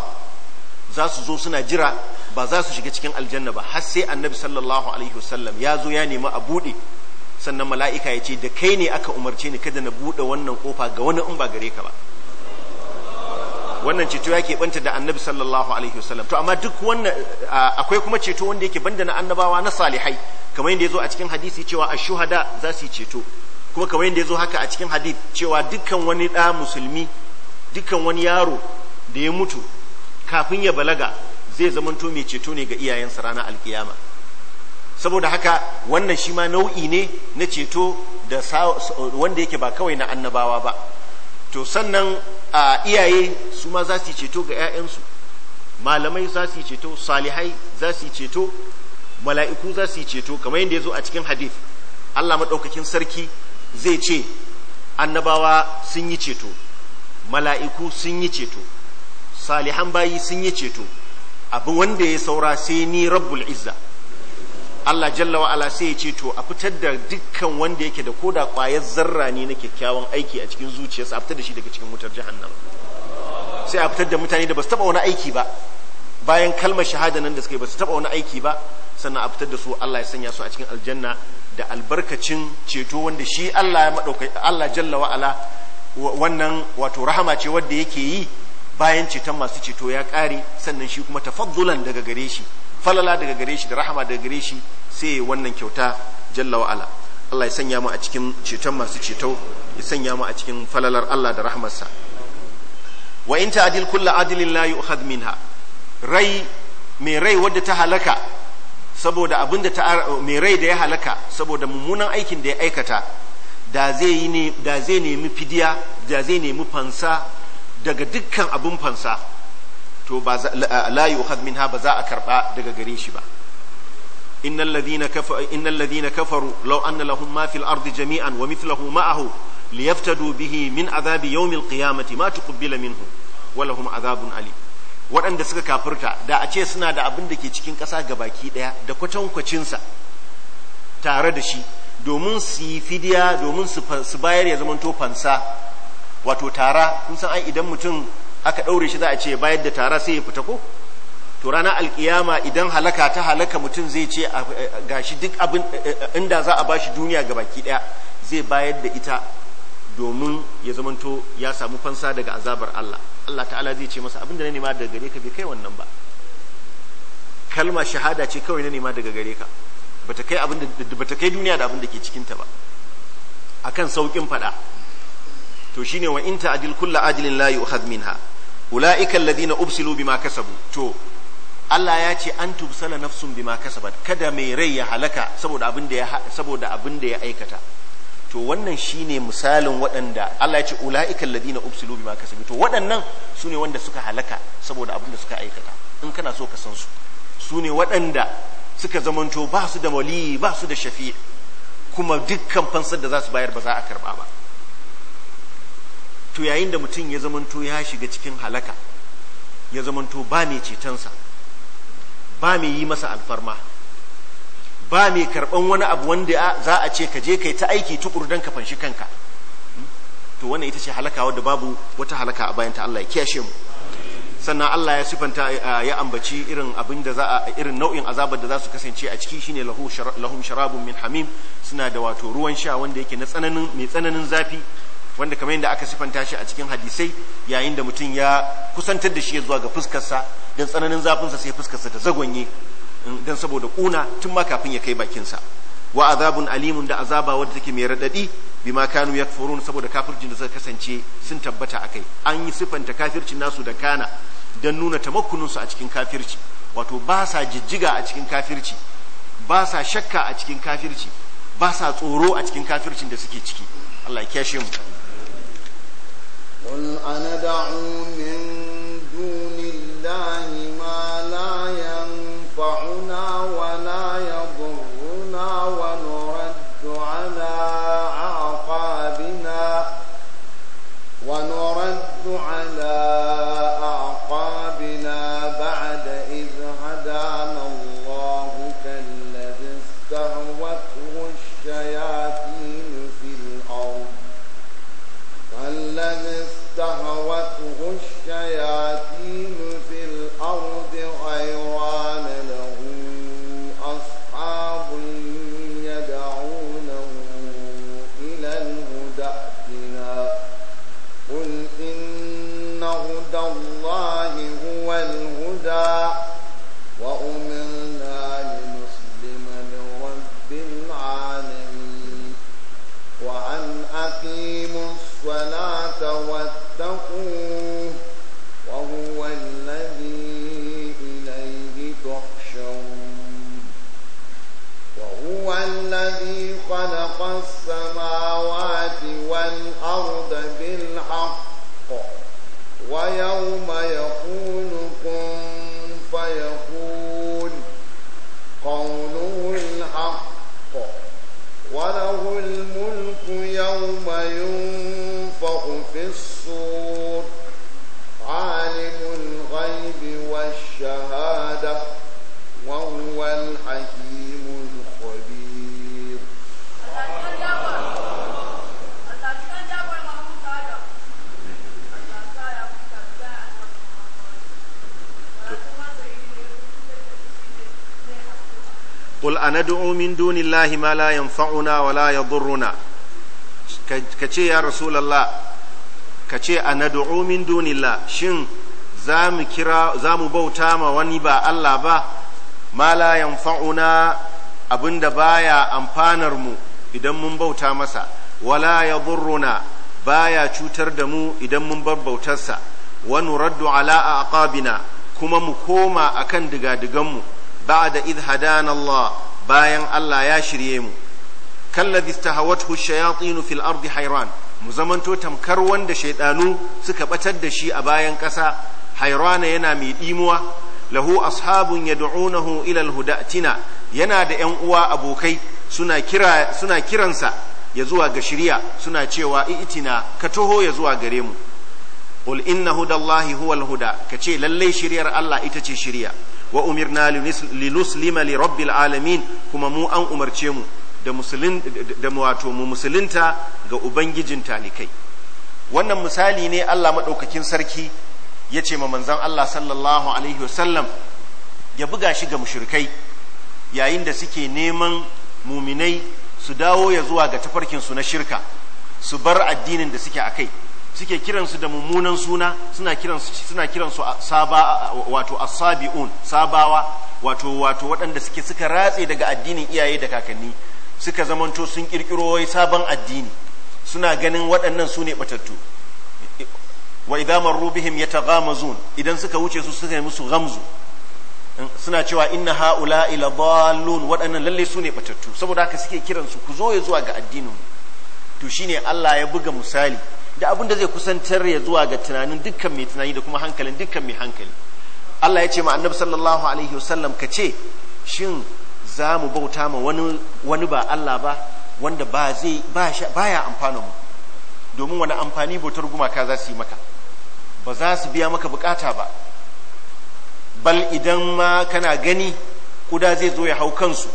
za su zo suna jira ba za su shiga cikin aljanna ba har sai annabi sallallahu alaihi wasallam ya zo ya nemi a buɗe sannan mala'ika ya ce da kai ne aka umarce ni kada na buɗe wannan ƙofa ga wani in ba gare ka ba wannan ceto ya keɓanta da annabi sallallahu alaihi wasallam to amma duk wannan akwai kuma ceto wanda yake banda na annabawa na salihai kamar yadda ya zo a cikin hadisi cewa a shuhada za su yi ceto kuma kamar yadda ya zo haka a cikin hadith cewa dukkan wani ɗa musulmi dukkan wani yaro da ya mutu kafin ya balaga zai zamanto mai ceto ne ga iyayensa ranar alkiyama saboda haka wannan shi ma nau'i ne na ceto da wanda yake ba kawai na annabawa ba to sannan a iyaye su ma za su yi ceto ga 'ya'yansu malamai za su yi ceto salihai za su yi ceto mala'iku za su yi ceto kamar yadda ya zo a cikin hadith allah maɗaukakin sarki zai ce annabawa sun yi ceto mala'iku sun yi ceto salihan bayi sun yi ceto abu wanda ya saura sai ni rabbul izza Allah jalla wa ala sai ya ce to a fitar da dukkan wanda yake da koda kwayar zarra ne na kyakkyawan aiki a cikin zuciyarsa a fitar da shi daga cikin wutar jahannama sai a fitar da mutane da ba su taba wani aiki ba bayan kalmar shahada nan da suka yi ba su taba wani aiki ba sannan a fitar da su Allah ya sanya su a cikin aljanna da albarkacin ceto wanda shi Allah ya madaukai Allah jalla wa ala wannan wato rahama ce wanda yake yi bayan ceton masu ceto ya kare sannan shi kuma tafaddulan daga gare shi falala daga gare shi da rahama daga gare shi sai wannan kyauta jalla wa ala Allah ya sanya mu a cikin ceton masu ceto ya sanya mu a cikin falalar Allah da rahmarsa wa in ta'dil kullu adilin la yu'khad minha rai mai rai wadda ta halaka saboda abinda ta mai rai da ya halaka saboda mummunan aikin da ya aikata da zai yi ne da zai nemi fidiya da zai nemi fansa daga dukkan abin fansa to ba la yu'khad minha ba za a karba daga gare shi ba innal ladhina kafaru innal ladhina kafaru law anna lahum ma fil ardi jami'an wa mithluhu ma'ahu liyaftadu bihi min adhabi yawmil qiyamati ma tuqbila minhu wa lahum adhabun alim waɗanda suka kafirta da a ce suna da abin da ke cikin ƙasa gabaki ɗaya da kwatankwacinsa tare da shi domin su yi fidiya domin su bayar ya zamanto fansa wato tara kun san ai idan mutum aka ɗaure shi za a ce bayar da tara sai ya fita ko to rana alkiyama idan halaka ta halaka mutum zai ce ah, gashi duk abin inda za a bashi duniya ga baki ɗaya zai bayar da ita domin ya zamanto ya samu fansa daga azabar Allah Allah ta'ala zai ce masa abin da na nema daga gare ka bai kai wannan ba kalma shahada ce kawai na nema daga gare ka bata kai abin da bata kai duniya da abin da ke cikin ta ba akan saukin fada to shine wa in ta'dil kullu ajlin la yu'khadh minha ula'ika alladhina ubsilu bima kasabu to Allah ya ce an tubsala nafsun bima kasabat kada mai rai ya halaka saboda abin da ya saboda abin da ya aikata to wannan shine misalin waɗanda Allah ya ce ula'ika alladhina ubsilu bima kasabu to waɗannan sune wanda suka halaka saboda abin da suka aikata in kana so ka san su sune waɗanda suka zamanto ba su da wali ba su da shafi kuma dukkan fansar da za su bayar ba za a karba ba to yayin da mutum ya zamanto ya shiga cikin halaka ya zamanto ba mai cetonsa ba mai yi masa alfarma ba mai karɓan wani abu wanda za a ce ka je kai ta aiki tukur don ka fanshi kanka to wannan ita ce halaka wadda babu wata halaka a ta Allah ya kiyashe mu sannan Allah ya sifanta ya ambaci irin abin da za a irin nau'in azabar da za su kasance a ciki shine lahum sharabun min hamim suna da wato ruwan sha wanda yake na tsananin mai tsananin zafi wanda kamar yadda aka sifanta shi a cikin hadisai yayin da mutum ya kusantar da shi zuwa ga fuskarsa don tsananin zafinsa sai fuskarsa ta zagonye mm, don saboda kuna tun ma kafin ya kai bakinsa wa azabun alimun da azaba wadda take mai raɗaɗi bima kanu yakfurun saboda kafircin da suka kasance sun tabbata a kai an yi sifanta kafircin nasu da kana don nuna tamakkunin su a cikin kafirci wato ba sa jijjiga a cikin kafirci ba sa shakka a cikin kafirci ba sa tsoro a cikin kafircin da suke ciki Allah ya kashe mu قل أنا دعو من دون الله ما لا ينفعنا ولا يضرنا ونرد على يعتيم في الأرض غيران له أصحاب يدعونه إلى الهدى قل إن هدى الله هو الهدى وأمرنا لنسلم لرب العالمين الصلاة الذي خلق السماوات والأرض بالحق ويوم يقول كن فيكون قوله الحق وله الملك يوم ينفخ في الصور عالم الغيب والشهادة وهو الحكيم ana anad'u min dunillahi ma la yanfa'una wa la yadhurruna kace ya rasulullah kace anad'u min dunillah shin zamu kira zamu bauta ma wani ba Allah ba ma la yanfa'una abinda baya amfanar mu idan mun bauta masa wala yadhurruna baya cutar da mu idan mun bar bautarsa wa nuraddu ala aqabina kuma mu koma akan digadigan mu ba'da idh hadana Allah bayan Allah ya shirye mu kalladhi istahawathu ash-shayatin fil ardi hayran mu zamanto tamkar wanda shaidanu suka batar da shi a bayan ƙasa hayrana yana mai dimuwa lahu ashabun yad'unahu ila al-hudatina yana da yan uwa abokai suna kira suna kiransa ya zuwa ga shiriya suna cewa i'tina ka taho ya zuwa gare mu qul inna hudallahi huwal huda kace lalle shiryar Allah ita ce shiriya wa umirna liluslima li rabbil alamin kuma mu an umarce mu da musulun da wato mu musulunta ga ubangijin talikai wannan misali ne Allah madaukakin sarki ya ce ma manzon Allah sallallahu alaihi wasallam ya buga shi ga mushrikai yayin da suke neman muminai su dawo ya zuwa ga tafarkin su na shirka su bar addinin da suke akai suke kiransu da mummunan suna suna kiransu suna kiransu saba wato asabiun sabawa wato wato waɗanda suke suka ratse daga addinin iyaye da kakanni suka zamanto sun kirkiro wai sabon addini suna ganin waɗannan su ne batattu wa idza marru bihim yataghamazun idan suka wuce su suka yi musu gamzu suna cewa inna haula ila dallun waɗannan lalle su ne batattu saboda haka suke kiransu ku zo ya zuwa ga addinin to shine Allah ya buga misali da abin da zai kusantar ya zuwa ga tunanin dukkan mai tunani da kuma hankalin dukkan mai hankali Allah ya ce ma annabi sallallahu alaihi wasallam ka ce shin za mu bauta ma wani wani ba Allah ba wanda ba zai baya amfana mu domin wani amfani bautar gumaka za su yi maka ba za su biya maka bukata ba bal idan ma kana gani kuda zai zo ya hau kansu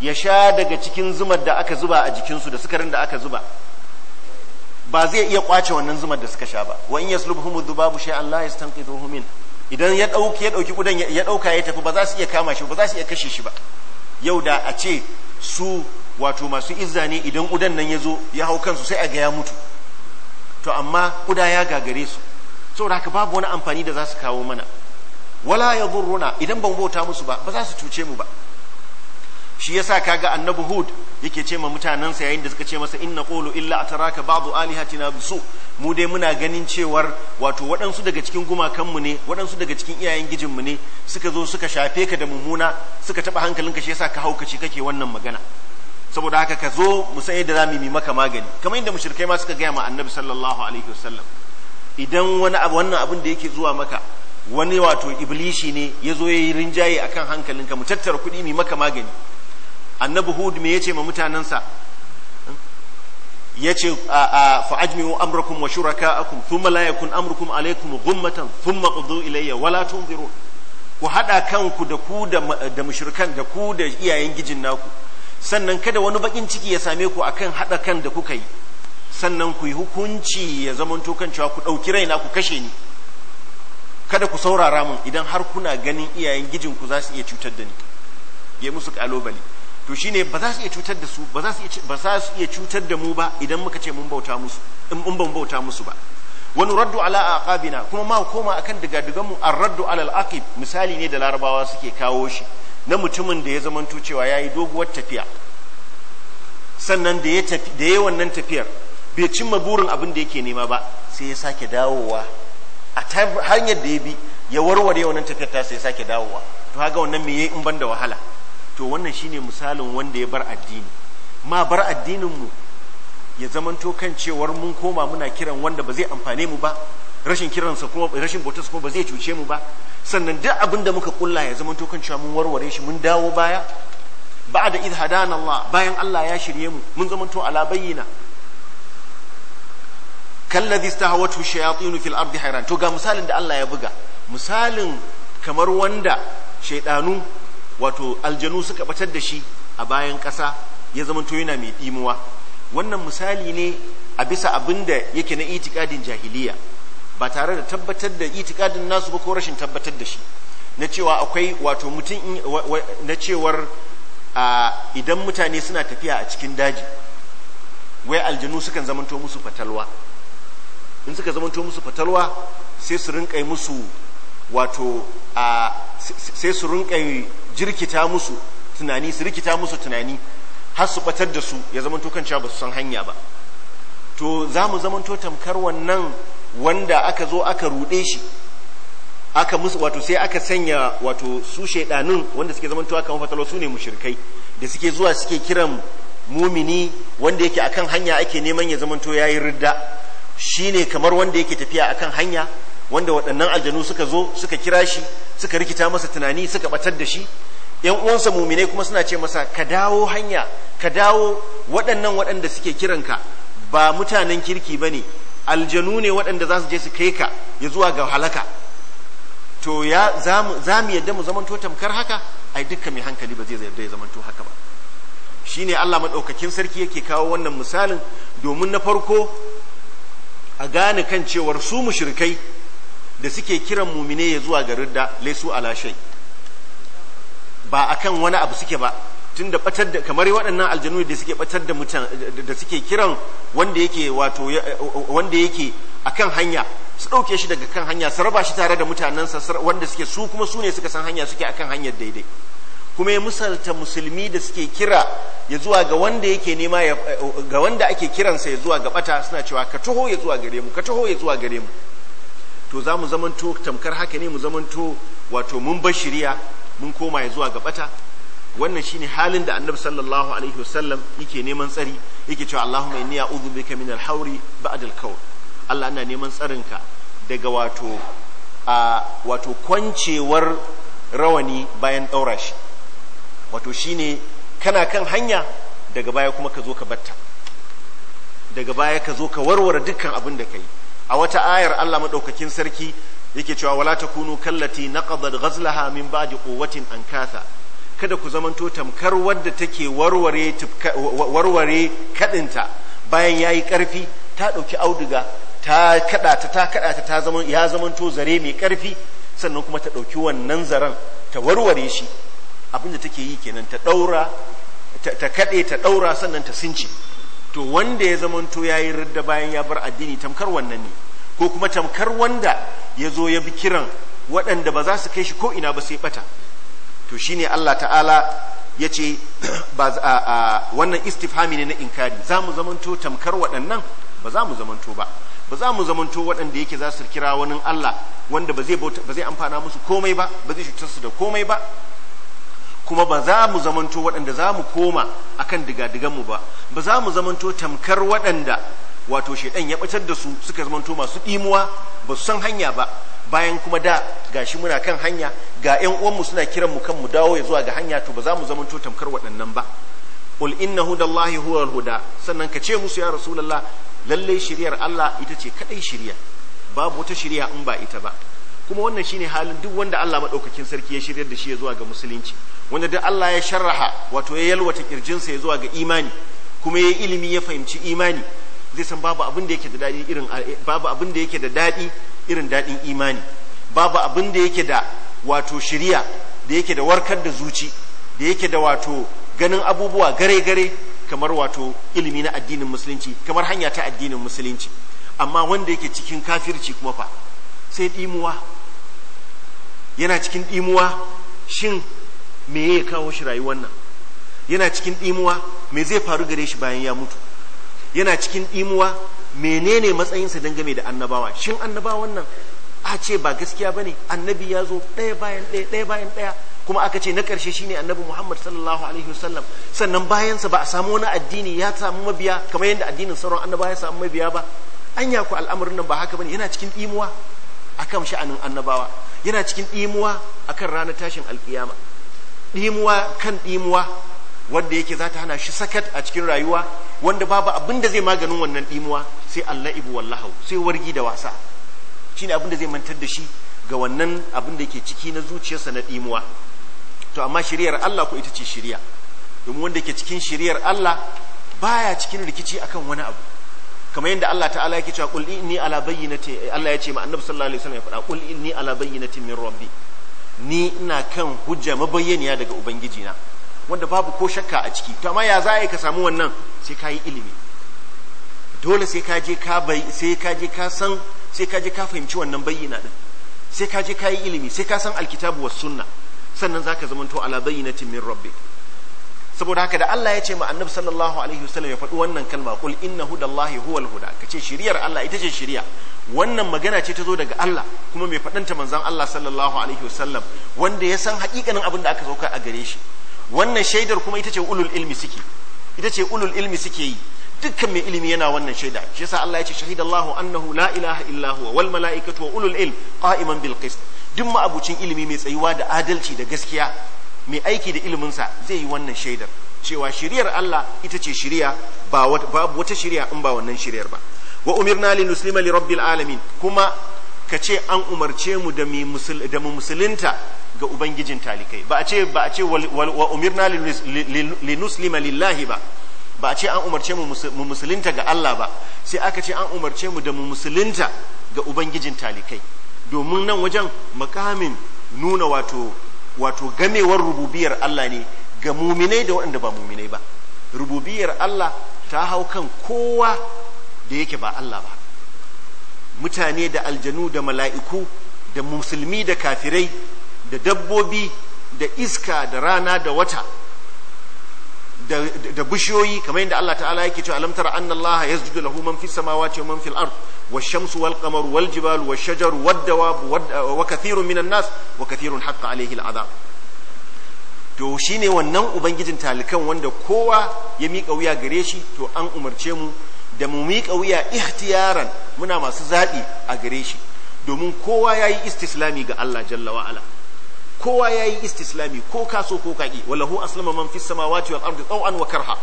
ya sha daga cikin zumar da aka zuba a jikinsu da sukarin da aka zuba ba zai iya kwace wannan zumar da suka sha ba wa in yaslubhum dhubabu shay'an la yastanqidhuhu min idan ya dauki ya dauki kudan ya dauka ya tafi ba za su iya kama shi ba za su iya kashe shi ba yau da a ce su wato masu izza ne idan udan nan ya zo ya hau kansu sai a ga ya mutu to amma kuda ya gagare su saboda haka babu wani amfani da za su kawo mana wala ya idan ban bauta musu ba ba za su cuce mu ba shi yasa kaga annabi hud yake ce ma mutanansa yayin da suka ce masa inna qulu illa ataraka ba'du alihatina bisu mu dai muna ganin cewar wato waɗansu daga cikin gumakanmu ne waɗansu daga cikin iyayen gijinmu ne suka zo suka shafe ka da mummuna suka taɓa hankalinka shi yasa ka haukace kake wannan magana saboda haka ka zo mu san yadda zamu yi maka magani kamar inda mushrikai ma suka gaya ma annabi sallallahu alaihi wasallam idan wani abu wannan abin da yake zuwa maka wani wato iblishi ne ya zo ya yi rinjaye akan hankalinka mu tattara kuɗi mu maka magani annabi hud me yace ma mutanansa yace fa ajmiu amrakum wa shurakaakum thumma la yakun amrukum alaykum ghummatan thumma qudu ilayya wala tunzirun ku hada kanku da ku da mushrikan da ku da iyayen gijin naku sannan kada wani bakin ciki ya same ku akan hada kan da kuka yi sannan ku yi hukunci ya zamanto kan cewa ku dauki raina ku kashe ni kada ku saurara mun idan har kuna ganin iyayen gijin ku za su iya cutar da ni ya musu kalobali. to shine ba za su iya cutar da su ba za su ba za su iya cutar da mu ba idan muka ce mun bauta musu in mun ban bauta musu ba wa nuraddu ala aqabina kuma ma koma akan digadigan mu ar-raddu ala alaqib misali ne da larabawa suke kawo shi na mutumin da ya zamanto cewa yayi doguwar tafiya sannan da ya tafi da yayi wannan tafiyar bai cimma burin abin da yake nema ba sai ya sake dawowa a hanyar da ya bi ya warware wannan tafiyar ta sai ya sake dawowa to haga wannan me yayi in ban da wahala to wannan shine misalin wanda ya bar addini ma bar addinin mu ya zamanto kan cewar mun koma muna kiran wanda ba zai amfane mu ba rashin kiransa kuma rashin bautarsa kuma ba zai cuce mu ba sannan duk abin da muka kulla ya zamanto kan cewa mun warware shi mun dawo baya ba'da da idh hadana Allah bayan Allah ya shirye mu mun zamanto ala bayyina kalladhi istahawatu shayatin fil ardi hayran to ga misalin da Allah ya buga misalin kamar wanda shaydanu wato aljanu suka batar da shi a bayan ƙasa ya zama to yana mai ɗimuwa wannan misali ne a bisa abin da yake na itikadin jahiliya ba tare da tabbatar da itikadin nasu ba ko rashin tabbatar da shi na cewa akwai wato mutum na cewar idan mutane suna tafiya a cikin daji wai aljanu sukan zamanto musu fatalwa in suka zamanto musu fatalwa sai su rinƙai musu wato sai su rinƙai jirkita musu tunani su rikita musu tunani har su batar da su ya zamanto kan cewa ba su san hanya ba to za mu zamanto tamkar wannan wanda aka zo aka ruɗe shi aka musu wato sai aka sanya wato su shaidanin wanda suke to aka mafatalo su ne mushrikai da suke zuwa suke kiran mumini wanda yake akan hanya ake neman ya zamanto yayi ridda shine kamar wanda yake tafiya akan hanya wanda waɗannan aljanu suka zo suka kira shi suka rikita masa tunani suka batar da shi yan uwansa muminai kuma suna ce masa ka dawo hanya ka dawo waɗannan waɗanda suke kiranka ba mutanen kirki ba ne aljanu ne waɗanda za su je su kai ka ya zuwa ga halaka to ya za mu yadda mu zamanto tamkar haka ai dukka mai hankali ba zai yarda ya zamanto haka ba shine Allah maɗaukakin sarki yake kawo wannan misalin domin na farko a gane kan cewar su mushrikai da suke kiran mumine ya zuwa ga ridda laisu ala shay ba akan wani abu suke ba tunda batar da kamar waɗannan aljanu da suke batar da mutan da suke kiran wanda yake wato wanda yake akan hanya su ɗauke shi daga kan hanya su raba shi tare da mutanensa wanda suke su kuma su ne suka san hanya suke akan hanyar daidai kuma ya misalta musulmi da suke kira ya zuwa ga wanda yake nema ga wanda ake kiransa ya zuwa ga bata suna cewa ka taho ya zuwa gare mu ka taho ya zuwa gare mu to za mu zamanto tamkar haka ne mu zamanto wato mun bar shirya mun koma ya zuwa gabata Wannan wannan shine halin da annabi sallallahu alaihi wasallam yake neman tsari yake cewa Allahumma inni a'udhu bika min al-hawri ba'da al Allah ina neman tsarinka daga wato a wato kwancewar rawani bayan daura shi wato shine kana kan hanya daga baya kuma ka zo ka batta daga baya ka zo ka warware dukkan abin da ka yi. a wata ayar Allah maɗaukakin sarki yake cewa wala ta takunu kallati naqadat ghazlaha min ba'di quwwatin kasa kada ku zamanto tamkar wadda take warware warware kadinta bayan yayi karfi ta ɗauki auduga ta kada ta ta ta ta ya zamanto zare mai karfi sannan kuma ta dauki wannan zaren ta warware shi abinda take yi kenan ta daura ta kade ta daura sannan ta sinci to wanda ya zamanto ya yi ridda bayan ya bar addini tamkar wannan ne ko kuma tamkar wanda ya zo ya bi kiran waɗanda ba za su kai shi ko ina ba sai bata to shine Allah ta'ala ya ce [clears throat] wannan istifhami ne na inkari za mu zamanto tamkar waɗannan ba za mu zamanto ba ba za mu zamanto waɗanda yake za su kira wani Allah wanda ba zai amfana musu komai ba ba zai cutar su da komai ba kuma ba za mu zamanto waɗanda za mu koma akan digadiganmu ba ba za mu zamanto tamkar waɗanda wato shaidan ya batar da su suka zamanto masu ɗimuwa ba su san hanya ba bayan kuma da ga shi muna kan hanya ga yan uwanmu suna kiran mu kan mu dawo ya zuwa ga hanya to ba za mu zamanto tamkar waɗannan ba qul inna hudallahi huwal huda sannan ka ce musu ya rasu rasulullah lallai shiriyar Allah ita ce kaɗai shiriya babu wata shiriya in ba ita ba kuma wannan shine halin duk wanda Allah madaukakin sarki ya shiryar da shi ya zuwa ga musulunci wanda duk Allah ya sharraha wato ya yalwata kirjinsa ya zuwa ga imani kuma ya yi ilimi ya fahimci imani zai san babu abin da yake da daɗi irin babu abin da yake da daɗi irin daɗin imani babu abin da yake da wato shiriya da yake da warkar da zuci da yake da wato ganin abubuwa gare-gare kamar wato ilimi na addinin musulunci kamar hanya ta addinin musulunci amma wanda yake cikin kafirci kuma fa sai ɗimuwa yana cikin ɗimuwa shin me ya kawo shi rayuwar nan yana cikin ɗimuwa me zai faru gare shi bayan ya mutu yana cikin ɗimuwa menene matsayinsa dangane da annabawa shin annabawan nan a ce ba gaskiya ba ne annabi ya zo ɗaya bayan ɗaya ɗaya bayan ɗaya kuma aka ce na ƙarshe shine annabi muhammad sallallahu alaihi wasallam sannan bayansa ba a samu wani addini ya samu mabiya kamar yadda addinin sauran annabawa ya samu mabiya ba anya ku al'amarin nan ba haka bane yana cikin ɗimuwa akan sha'anin annabawa yana cikin ɗimuwa akan ranar tashin alkiyama ɗimuwa kan ɗimuwa wanda yake za ta hana shi sakat a cikin rayuwa wanda babu abin da zai maganin wannan ɗimuwa sai Allah ibu wallahu sai wargi da wasa shi ne abin da zai mantar da shi ga wannan abin da yake ciki na zuciyarsa na ɗimuwa to amma shiriyar Allah ko ita ce shiriya domin wanda yake cikin shiriyar Allah baya cikin rikici akan wani abu kamar yadda Allah ta'ala yake cewa qul inni ala bayyinati Allah ya ce ma annabi sallallahu alaihi wasallam ya faɗa qul inni ala bayyinati min rabbi ni ina kan hujja mabayyaniya daga Ubangiji na, wanda babu ko shakka a ciki to amma ya za ka samu wannan sai ka yi ilimi dole sai ka je ka bai sai ka je ka san sai ka je ka fahimci wannan bayyana din sai ka je ka yi ilimi sai ka san alkitabu was sunna sannan zaka zamanto ala bayyinatin min rabbik saboda haka da Allah ya ce ma annabi sallallahu alaihi wasallam ya faɗi wannan kalma kul inna hudallahi huwal huda kace shiriyar Allah ita ce shiriya wannan magana ce ta zo daga Allah kuma mai faɗanta manzon Allah sallallahu alaihi wasallam wanda ya san haƙiƙanin abin da aka sauka a gare shi wannan shaidar kuma ita ce ulul ilmi suke ita ce ulul ilmi suke yi dukkan mai ilimi yana wannan shaida shi yasa Allah ya ce shahidallahu annahu la ilaha illa huwa wal mala'ikatu wa ulul ilm qa'iman bil qist duk ma abucin ilimi mai tsayuwa da adalci da gaskiya mai aiki da iliminsa zai yi wannan shaidar cewa shiriyar Allah ita ce shiriya ba wata shiriya in ba wannan shiriyar ba wa umirna li nuslima li rabbil alamin kuma ka ce an umarce mu da mu musulunta ga ubangijin talikai ba a ce ba a ce wa umirna li nuslima lillahi ba ba a ce an umarce mu musulunta ga Allah ba sai aka ce an umarce mu da mu musulunta ga ubangijin talikai domin nan wajen makamin nuna wato wato gamewar rububiyar Allah ne ga muminai da waɗanda ba muminai ba rububiyar Allah ta hau kan kowa da yake ba Allah ba mutane da aljanu da mala'iku da musulmi da kafirai da dabbobi da iska da rana da wata da, bishiyoyi kamar yadda Allah ta'ala yake cewa alamtar annallaha yasjudu lahu man fis samawati wa man fil ard والشمس والقمر والجبال والشجر والدواب وكثير من الناس وكثير حق عليه العذاب to shine wannan ubangijin talikan wanda kowa ya miƙa wuya gare shi to an umarce mu da mu miƙa wuya ihtiyaran muna masu zaɓi a gare shi domin kowa ya yi istislami ga Allah jalla Ala, kowa ya yi istislami ko kaso ko kaƙi walahu aslama man fi samawati wal ardi taw'an wa karha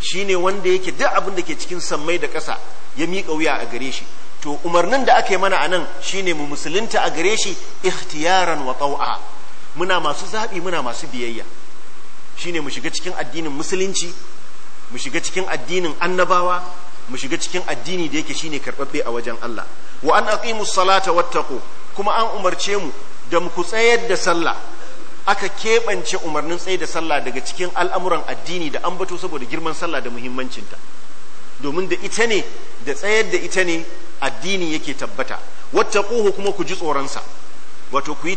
shine wanda yake duk abin da ke cikin sammai da ƙasa ya miƙa wuya a gare shi to umarnin da ake yi mana anan shine mu musulunta a gare shi ikhtiyaran wa tau'a muna masu zaɓi muna masu biyayya shine mu shiga cikin addinin musulunci mu shiga cikin addinin annabawa mu shiga cikin addini da yake shine karɓaɓɓe a wajen Allah wa an aqimus salata wattaqu kuma an umarce mu da mu ku tsayar da sallah aka keɓance umarnin tsayar da sallah daga cikin al'amuran addini da ambato saboda girman sallah da muhimmancinta domin da ita ne da tsayar da ita ne addini yake tabbata wata wattaquhu kuma ku ji tsoronsa wato ku yi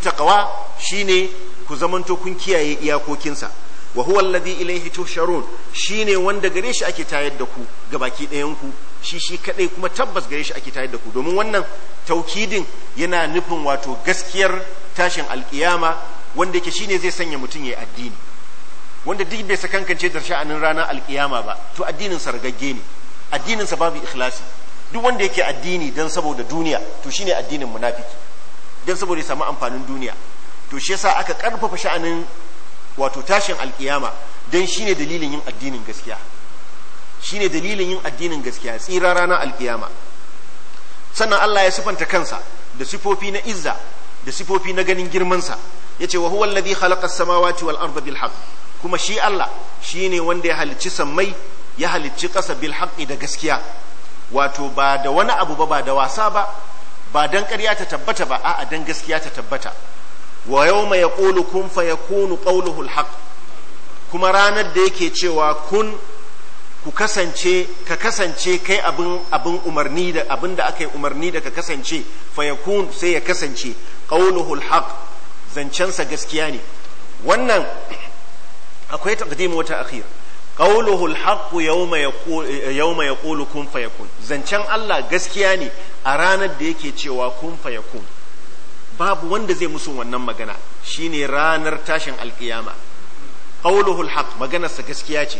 shi ne ku zamanto kun kiyaye iyakokinsa wa huwa alladhi ilayhi tuhsharun shine wanda gare shi ake tayar da ku gabaki ɗayan ku shi shi kadai kuma tabbas gare shi ake tayar da ku domin wannan taukidin yana nufin wato gaskiyar tashin alkiyama wanda yake shine zai sanya mutum ya yi addini wanda duk bai sakankance da sha'anin ranar alkiyama ba to addinin sa ragagge ne addininsa babu ikhlasi duk wanda yake addini don saboda duniya to shine addinin munafiki don saboda ya samu amfanin duniya to shi yasa aka karfafa sha'anin wato tashin alkiyama don shine dalilin yin addinin gaskiya shine dalilin yin addinin gaskiya tsira ranar alkiyama sannan Allah ya sifanta kansa da sifofi na izza da sifofi na ganin girmansa ya wa huwa alladhi khalaqa as-samawati wal arda bil haqq kuma shi Allah shine wanda ya halicci sammai ya halicci ƙasa bil haqqi da gaskiya wato ba da wani abu ba ba da wasa ba ba dan ƙarya ta tabbata ba a'a dan gaskiya ta tabbata wa mai yaqulu kun kunu qawluhu alhaq kuma ranar da yake cewa kun ku kasance ka kasance kai abin abin umarni da abin da aka yi umarni da ka kasance kun sai ya kasance qawluhu alhaq zancensa gaskiya ne wannan akwai taqdim wata akhira qawluhu al-haqq yawma yaqulu yawma yaqulu kun fayakun zancen Allah gaskiya ne a ranar da yake cewa kun fayakun babu wanda zai musu wannan magana shine ranar tashin alkiyama qawluhu alhaq magana maganarsa gaskiya ce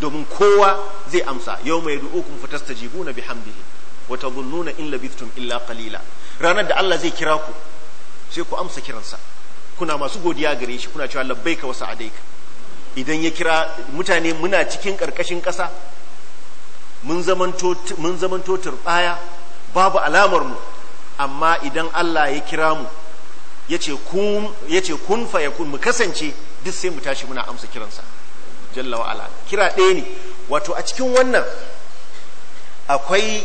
domin kowa zai amsa yawma yad'ukum fatastajibuna bihamdihi wa tadhunnuna in labithtum illa qalila ranar da Allah zai kira ku sai ku amsa kiransa kuna masu godiya gare shi kuna cewa labbaika wa sa'adaika idan ya kira mutane muna cikin ƙarƙashin ƙasa mun zamanto turɓaya babu alamar mu amma idan Allah ya kira mu ya ce kun fa kun mu kasance duk sai mu tashi muna amsa kiransa jalla wa'ala kira ɗaya ne wato a cikin wannan akwai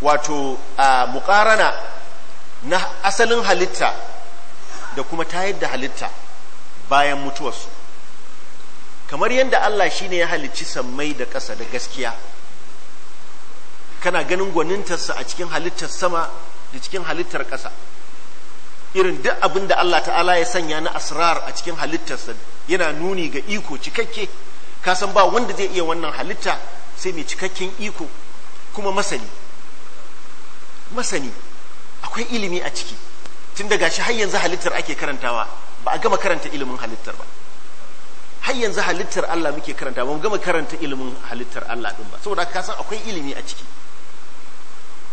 wato a muƙarana na asalin halitta da kuma tayar da halitta bayan mutuwarsu kamar yadda Allah ne ya halicci sammai da ƙasa da gaskiya kana ganin gwanintarsa a cikin halittar sama da cikin halittar ƙasa irin duk abin da Allah ta'ala ya sanya na asrar a cikin halittarsa yana nuni ga iko cikakke kasan ba wanda zai iya wannan halitta sai mai cikakken iko kuma masani masani akwai ilimi a ciki tun daga shi har yanzu halittar ake karantawa ba a gama karanta ilimin halittar ba har yanzu halittar Allah muke karanta ba mu gama karanta ilimin halittar Allah din ba saboda ka san akwai ilimi a ciki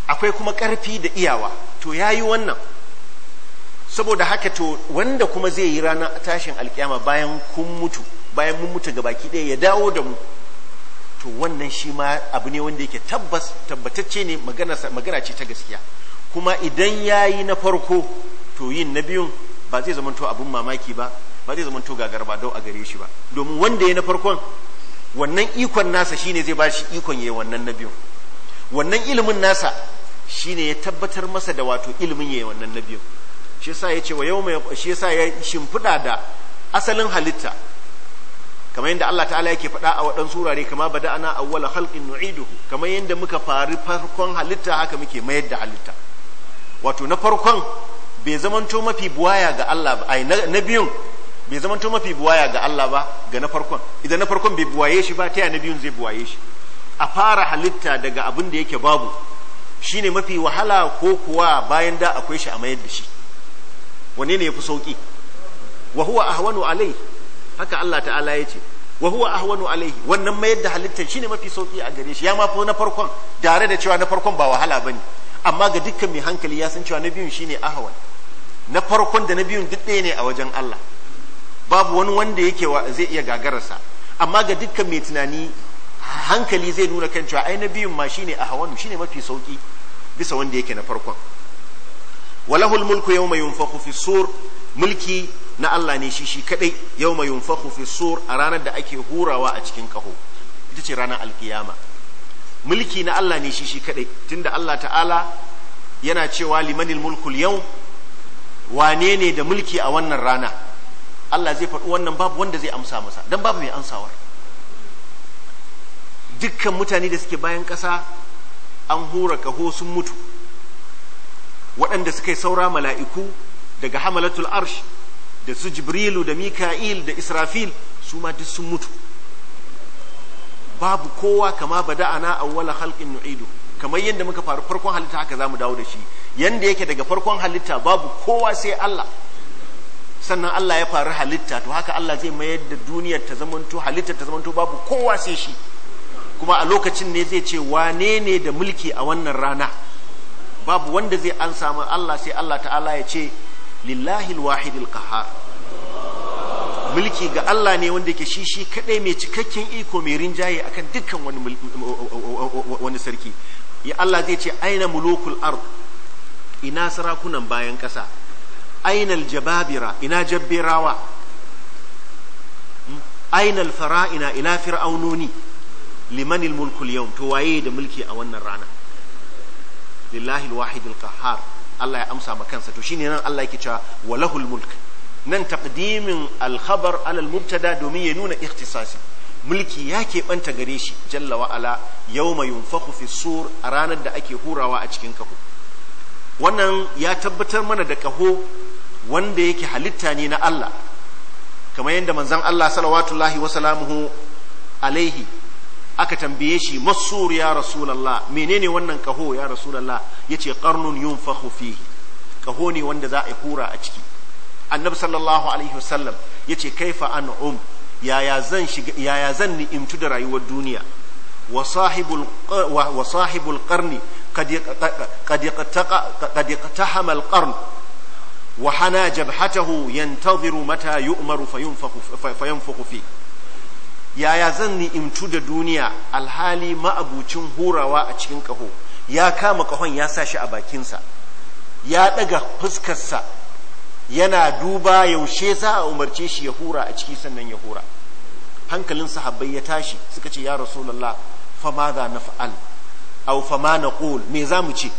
akwai kuma karfi da iyawa to yayi wannan saboda haka to wanda kuma zai yi ranar tashin alkiyama bayan kun mutu bayan mun mutu gabaki ɗaya ya dawo da mu to wannan shi ma abu ne wanda yake tabbas tabbatacce ne magana ce ta gaskiya kuma idan yayi na farko to yin na biyun ba zai zamanto abun mamaki ba ba zai zama gagar ba dau a gare shi ba domin wanda ya na farkon wannan ikon nasa shine zai ba shi ikon yayi wannan na biyu wannan ilimin nasa shine ya tabbatar masa da wato ilimin yayi wannan na biyu shi yasa ya ce wa yau mai shi yasa ya shimfiɗa da asalin halitta kamar yadda Allah ta'ala yake faɗa a waɗansu wurare kama bada ana awwala halƙin nu'iduhu kamar yadda muka fari farkon halitta haka muke mayar da halitta wato na farkon bai zamanto mafi buwaya ga Allah ba ai na biyun bai zama to mafi buwaya ga Allah ba ga na farkon idan na farkon bai buwaye shi ba ta yana biyun zai buwaye shi a fara halitta daga abin da yake babu shine mafi wahala ko kuwa bayan da akwai shi a mayar da shi wane ne ya fi sauki wa huwa ahwanu alai haka Allah ta'ala ya ce wa huwa ahwanu alai wannan mayar da halitta shine mafi sauki a gare shi ya ma na farkon tare da cewa na farkon ba wahala bane amma ga dukkan mai hankali ya san cewa na biyun shine ahwan na farkon da na biyun duk ɗaya ne a wajen Allah babu wani wanda yake zai iya gagararsa amma ga dukkan mai tunani hankali zai nuna kan cewa ai na biyun ma shine a hawan shine mafi sauki bisa wanda yake na farkon walahul mulku yawma yunfakhu fi sur mulki na Allah ne shi shi kadai yawma yunfakhu fi sur a ranar da ake hurawa a cikin kaho ita ce ranar alkiyama mulki na Allah ne shi shi kadai tunda Allah ta'ala yana cewa limanil mulkul yau wane ne da mulki a wannan rana Allah zai faɗi wannan babu wanda zai amsa masa don babu mai amsawar dukkan mutane da suke bayan ƙasa an hura kaho sun mutu waɗanda suka yi saura mala'iku daga hamalatul arsh da su jibrilu da mika'il da israfil su ma duk sun mutu babu kowa kama bada'ana wala halƙin nu'idu kamar yadda muka faru farkon halitta haka za mu dawo da shi yadda yake daga farkon halitta babu kowa sai Allah sannan Allah ya faru halitta to haka Allah zai mayar da duniyar ta zamanto halitta ta zamanto babu kowa sai shi kuma a lokacin ne zai ce wane ne da mulki a wannan rana babu wanda zai an samu Allah sai Allah ta'ala ya ce lillahi alwahidil qahar mulki ga Allah ne wanda yake shi shi kadai mai cikakken iko mai rinjaye akan dukkan wani wani sarki ya Allah zai ce aina mulukul ard ina sarakunan bayan kasa ainal jababira ina jabbirawa ainal fara'ina ina fir'aunoni limanil mulkul yau to waye da mulki a wannan rana lillahi alwahidul qahhar Allah ya amsa ma kansa to shine nan Allah yake cewa walahul mulk nan taqdimin alhabar alal mubtada domin ya nuna ikhtisasi mulki ya keɓanta gare shi jalla yau ala yawma yunfakhu fi sur a ranar da ake hurawa a cikin kaho wannan ya tabbatar mana da kaho wanda yake halitta ne na Allah kamar yadda manzon Allah salawatullahi wa salamuhu alaihi aka tambaye shi masur ya rasulullah menene wannan kaho ya rasulallah? Ya ce qarnun yunfakhu fihi kaho ne wanda za a hura a ciki annabi sallallahu alaihi wasallam yace kaifa an'um yaya zan shiga yaya zan ni'imtu da rayuwar duniya wa sahibul karni sahibul qarni qad qad وحنى جبهته ينتظر متى يؤمر فينفخ فينفخ فيه yaya zan ni'imtu da duniya alhali ma'abucin hurawa a cikin ƙaho ya kama ƙahon ya sa shi a bakinsa ya ɗaga fuskarsa yana duba yaushe za a umarce shi ya hura a ciki sannan ya hura hankalin sahabbai ya tashi suka ce ya rasulallah fa ma za na fa'al au fa ma na me za mu ce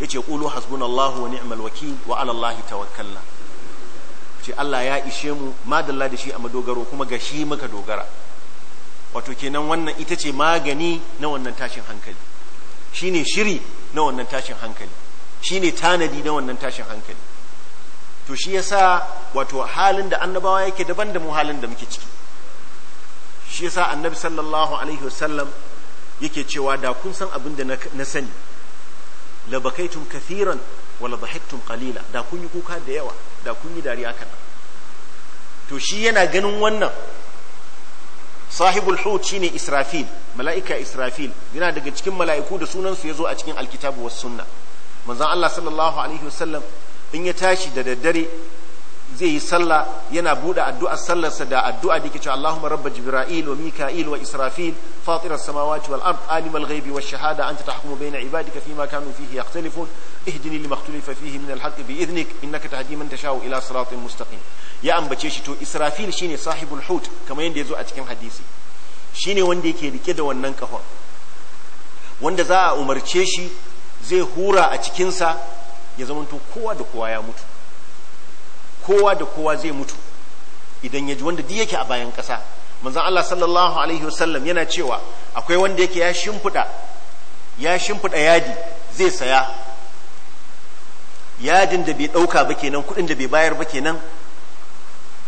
Ya ƙulu hasbun Allah wa ni'mal wakil wa 'ala allahi tawakkalna ce Allah ya ishe mu madalla da shi a madogaro kuma ga shi muka dogara wato kenan wannan ita ce magani na wannan tashin hankali shine shiri na wannan tashin hankali shine tanadi na wannan tashin hankali to shi yasa wato halin da annabawa yake daban da mu halin da muke ciki shi yasa annabi sallallahu alaihi wasallam yake cewa da kun san abin da na sani la bakaitum kathiran wa dhahiktum qalila da kun yi kuka da yawa da kun yi dariya kaɗan to shi yana ganin wannan sahibul hut shine israfil mala'ika israfil yana daga cikin mala'iku da sunan su yazo a cikin alkitabu was sunna manzon Allah sallallahu alaihi wasallam in ya tashi da daddare zai yi sallah yana buɗe addu'ar sallarsa da addu'a da ke cewa Allahumma rabba Jibril wa Mika'il wa Israfil fatirar samawati wal ard alimal ghaibi wash shahada anta tahkumu bayna ibadika fima kanu fihi yakhtalifun ihdini lima ikhtalafa fihi min al haqq bi idhnik innaka tahdi man tashau ila siratin mustaqim ya ambace shi to Israfil shine sahibul hut kamar yanda yazo a cikin hadisi shine wanda yake rike da wannan kafa wanda za a umarce shi zai hura a cikinsa ya zamanto kowa da kowa ya mutu kowa da kowa zai mutu idan ya ji wanda duk yake a bayan ƙasa manzon Allah sallallahu alaihi wasallam yana cewa akwai wanda yake ya shimfida ya shimfiɗa yadi zai saya yadin da bai ɗauka ba kenan kuɗin da bai bayar ba kenan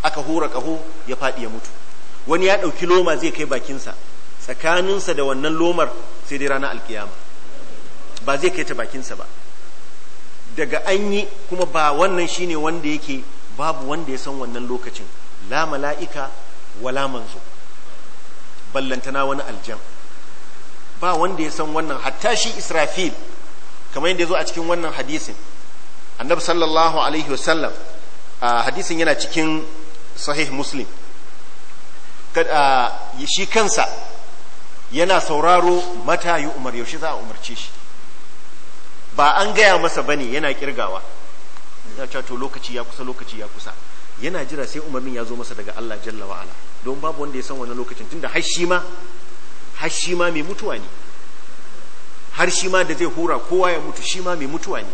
aka hura kaho ya faɗi ya mutu wani ya ɗauki loma zai kai bakinsa tsakaninsa da wannan lomar sai dai ranar alkiyama ba zai kai ta bakinsa ba daga anyi kuma ba wannan shine wanda yake babu wanda ya san wannan lokacin la mala'ika wala manzo ballantana wani aljan ba wanda ya san wannan hatta shi israfil kamar yadda ya zo a cikin wannan hadisin annabi sallallahu alaihi wasallam a hadisin yana cikin sahih muslim shi kansa yana sauraro mata yi umar yaushe za a umarce shi ba an gaya masa bane yana kirgawa ya cewa to lokaci ya kusa lokaci ya kusa yana jira sai umarnin ya zo masa daga Allah jalla wa ala don babu wanda ya san wannan lokacin tunda har shi ma har shi ma mai mutuwa ne har shi ma da zai hura kowa ya mutu shi ma mai mutuwa ne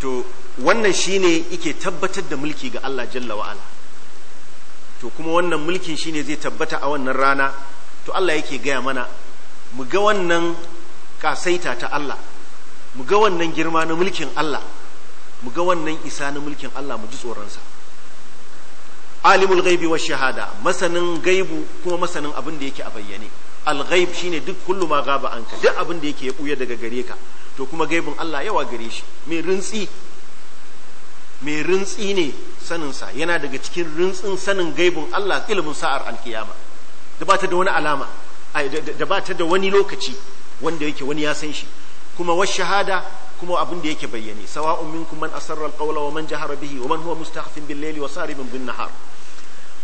to wannan shine yake tabbatar da mulki ga Allah jalla wa ala to kuma wannan mulkin shine zai tabbata a wannan rana to Allah yake gaya mana mu ga wannan kasaita ta Allah mu ga wannan girma na mulkin Allah mu ga wannan isa na mulkin Allah mu ji tsoronsa alimul ghaibi wa shahada masanin gaibu kuma masanin abin da yake a bayyane al-ghaib shine duk kullu ma gaba anka duk abin da yake ya buya daga gare ka to kuma gaibin Allah yawa gare shi mai rintsi mai rintsi ne saninsa yana daga cikin rintsin sanin gaibin Allah ilimin sa'ar alkiyama da ba ta da wani alama da ba ta da wani lokaci wanda yake wani ya san shi kuma wa shahada kuma abin da yake bayyane sawa'un minkum man asarra alqawla wa man jahara bihi wa man huwa mustahfin bil layli wa saribun bin nahar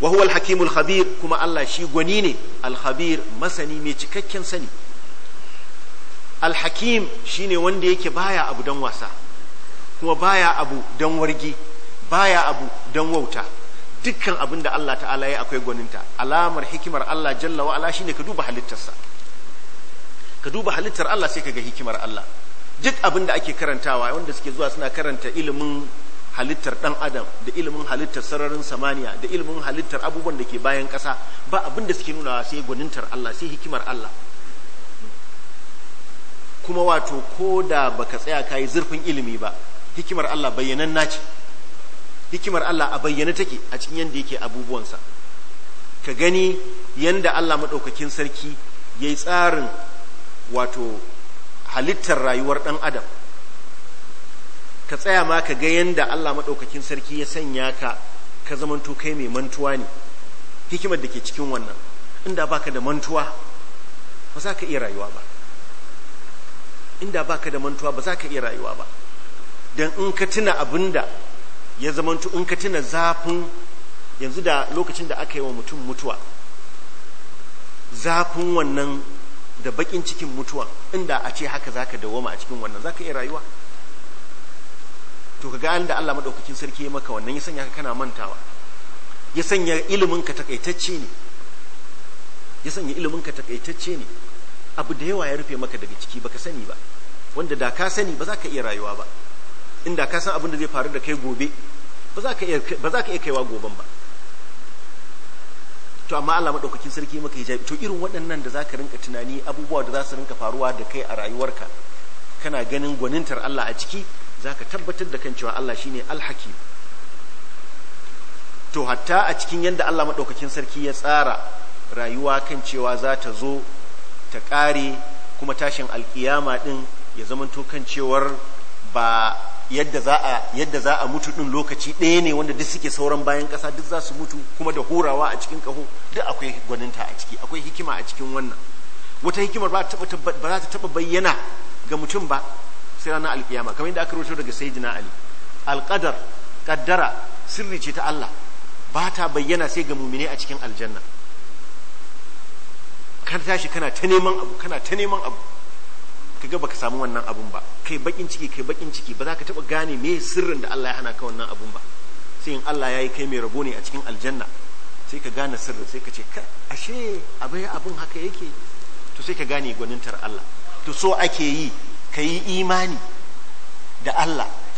wa huwa al-hakim al-khabir kuma Allah shi gwani ne al-khabir masani mai cikakken sani al-hakim shine wanda yake baya abu dan wasa kuma baya abu dan wargi baya abu dan wauta dukkan abin da Allah ta'ala ya akwai gwaninta alamar hikimar Allah jalla wa ala shine ka duba halittarsa ka duba halittar Allah sai ka ga hikimar Allah duk abin da ake karantawa wanda suke zuwa suna karanta ilimin halittar dan adam da ilimin halittar sararin samaniya da ilimin halittar abubuwan da ke bayan kasa ba abin da suke nunawa sai gwanintar Allah sai hikimar Allah kuma wato ko da baka tsaya kayi zurfin ilimi ba hikimar Allah bayyanan naci hikimar Allah a bayyana take a cikin yanda yake abubuwansa ka gani yanda Allah madaukakin sarki yayi tsarin wato halittar rayuwar ɗan adam ka tsaya ma ka ga yadda Allah maɗaukakin sarki ya sanya ka ka zamanto kai mai mantuwa ne hikimar da ke cikin wannan inda baka da mantuwa ba za ka iya rayuwa ba inda baka da mantuwa ba za ka iya rayuwa ba don in ka tuna abin da ya zamanto in ka tuna zafin yanzu da lokacin da aka yi wa mutum mutuwa zafin wannan da bakin cikin mutuwa inda a ce haka zaka dawoma a cikin wannan zaka iya rayuwa to kaga da Allah madaukakin sarki ya maka wannan ya sanya ka kana mantawa ya sanya ilimin ka takaitacce ne ya sanya ilimin ka takaitacce ne abu da yawa ya rufe maka daga ciki baka sani ba wanda da ka sani ba za ka iya rayuwa ba inda ka san abin da zai faru da kai gobe ba za ka iya kaiwa goben ba to amma Allah madaukakin sarki maka hijabi to irin waɗannan da zaka rinka tunani abubuwa da za su rinka faruwa da kai a rayuwarka kana ganin gwanintar Allah a ciki zaka tabbatar da kan cewa Allah shine alhakim to hatta a cikin yadda Allah madaukakin sarki ya tsara rayuwa kan cewa za ta zo ta ƙare kuma tashin alkiyama din ya zamanto kan cewar ba yadda za a yadda za a mutu din lokaci ɗaya ne wanda duk suke sauran bayan ƙasa duk za su mutu kuma da horawa a cikin ƙaho duk akwai gwaninta a ciki akwai hikima a cikin wannan wata hikimar ba za ta taɓa bayyana ga mutum ba sai ranar alkiyama kamar yadda aka rubuta daga sayyidina ali alƙadar qaddara sirri ce ta Allah ba ta bayyana sai ga mumine a cikin aljanna kan tashi kana ta neman abu kana ta neman abu kaga baka samu wannan abun ba kai bakin ciki kai bakin ciki ba za ka taba gane me sirrin da Allah ya hana ka wannan abun ba sai in Allah ya yi kai mai rabo ne a cikin aljanna sai ka gane sirrin sai ka ce ka ashe abai abun haka yake to sai ka gane gwanintar Allah to so ake yi ka yi imani da Allah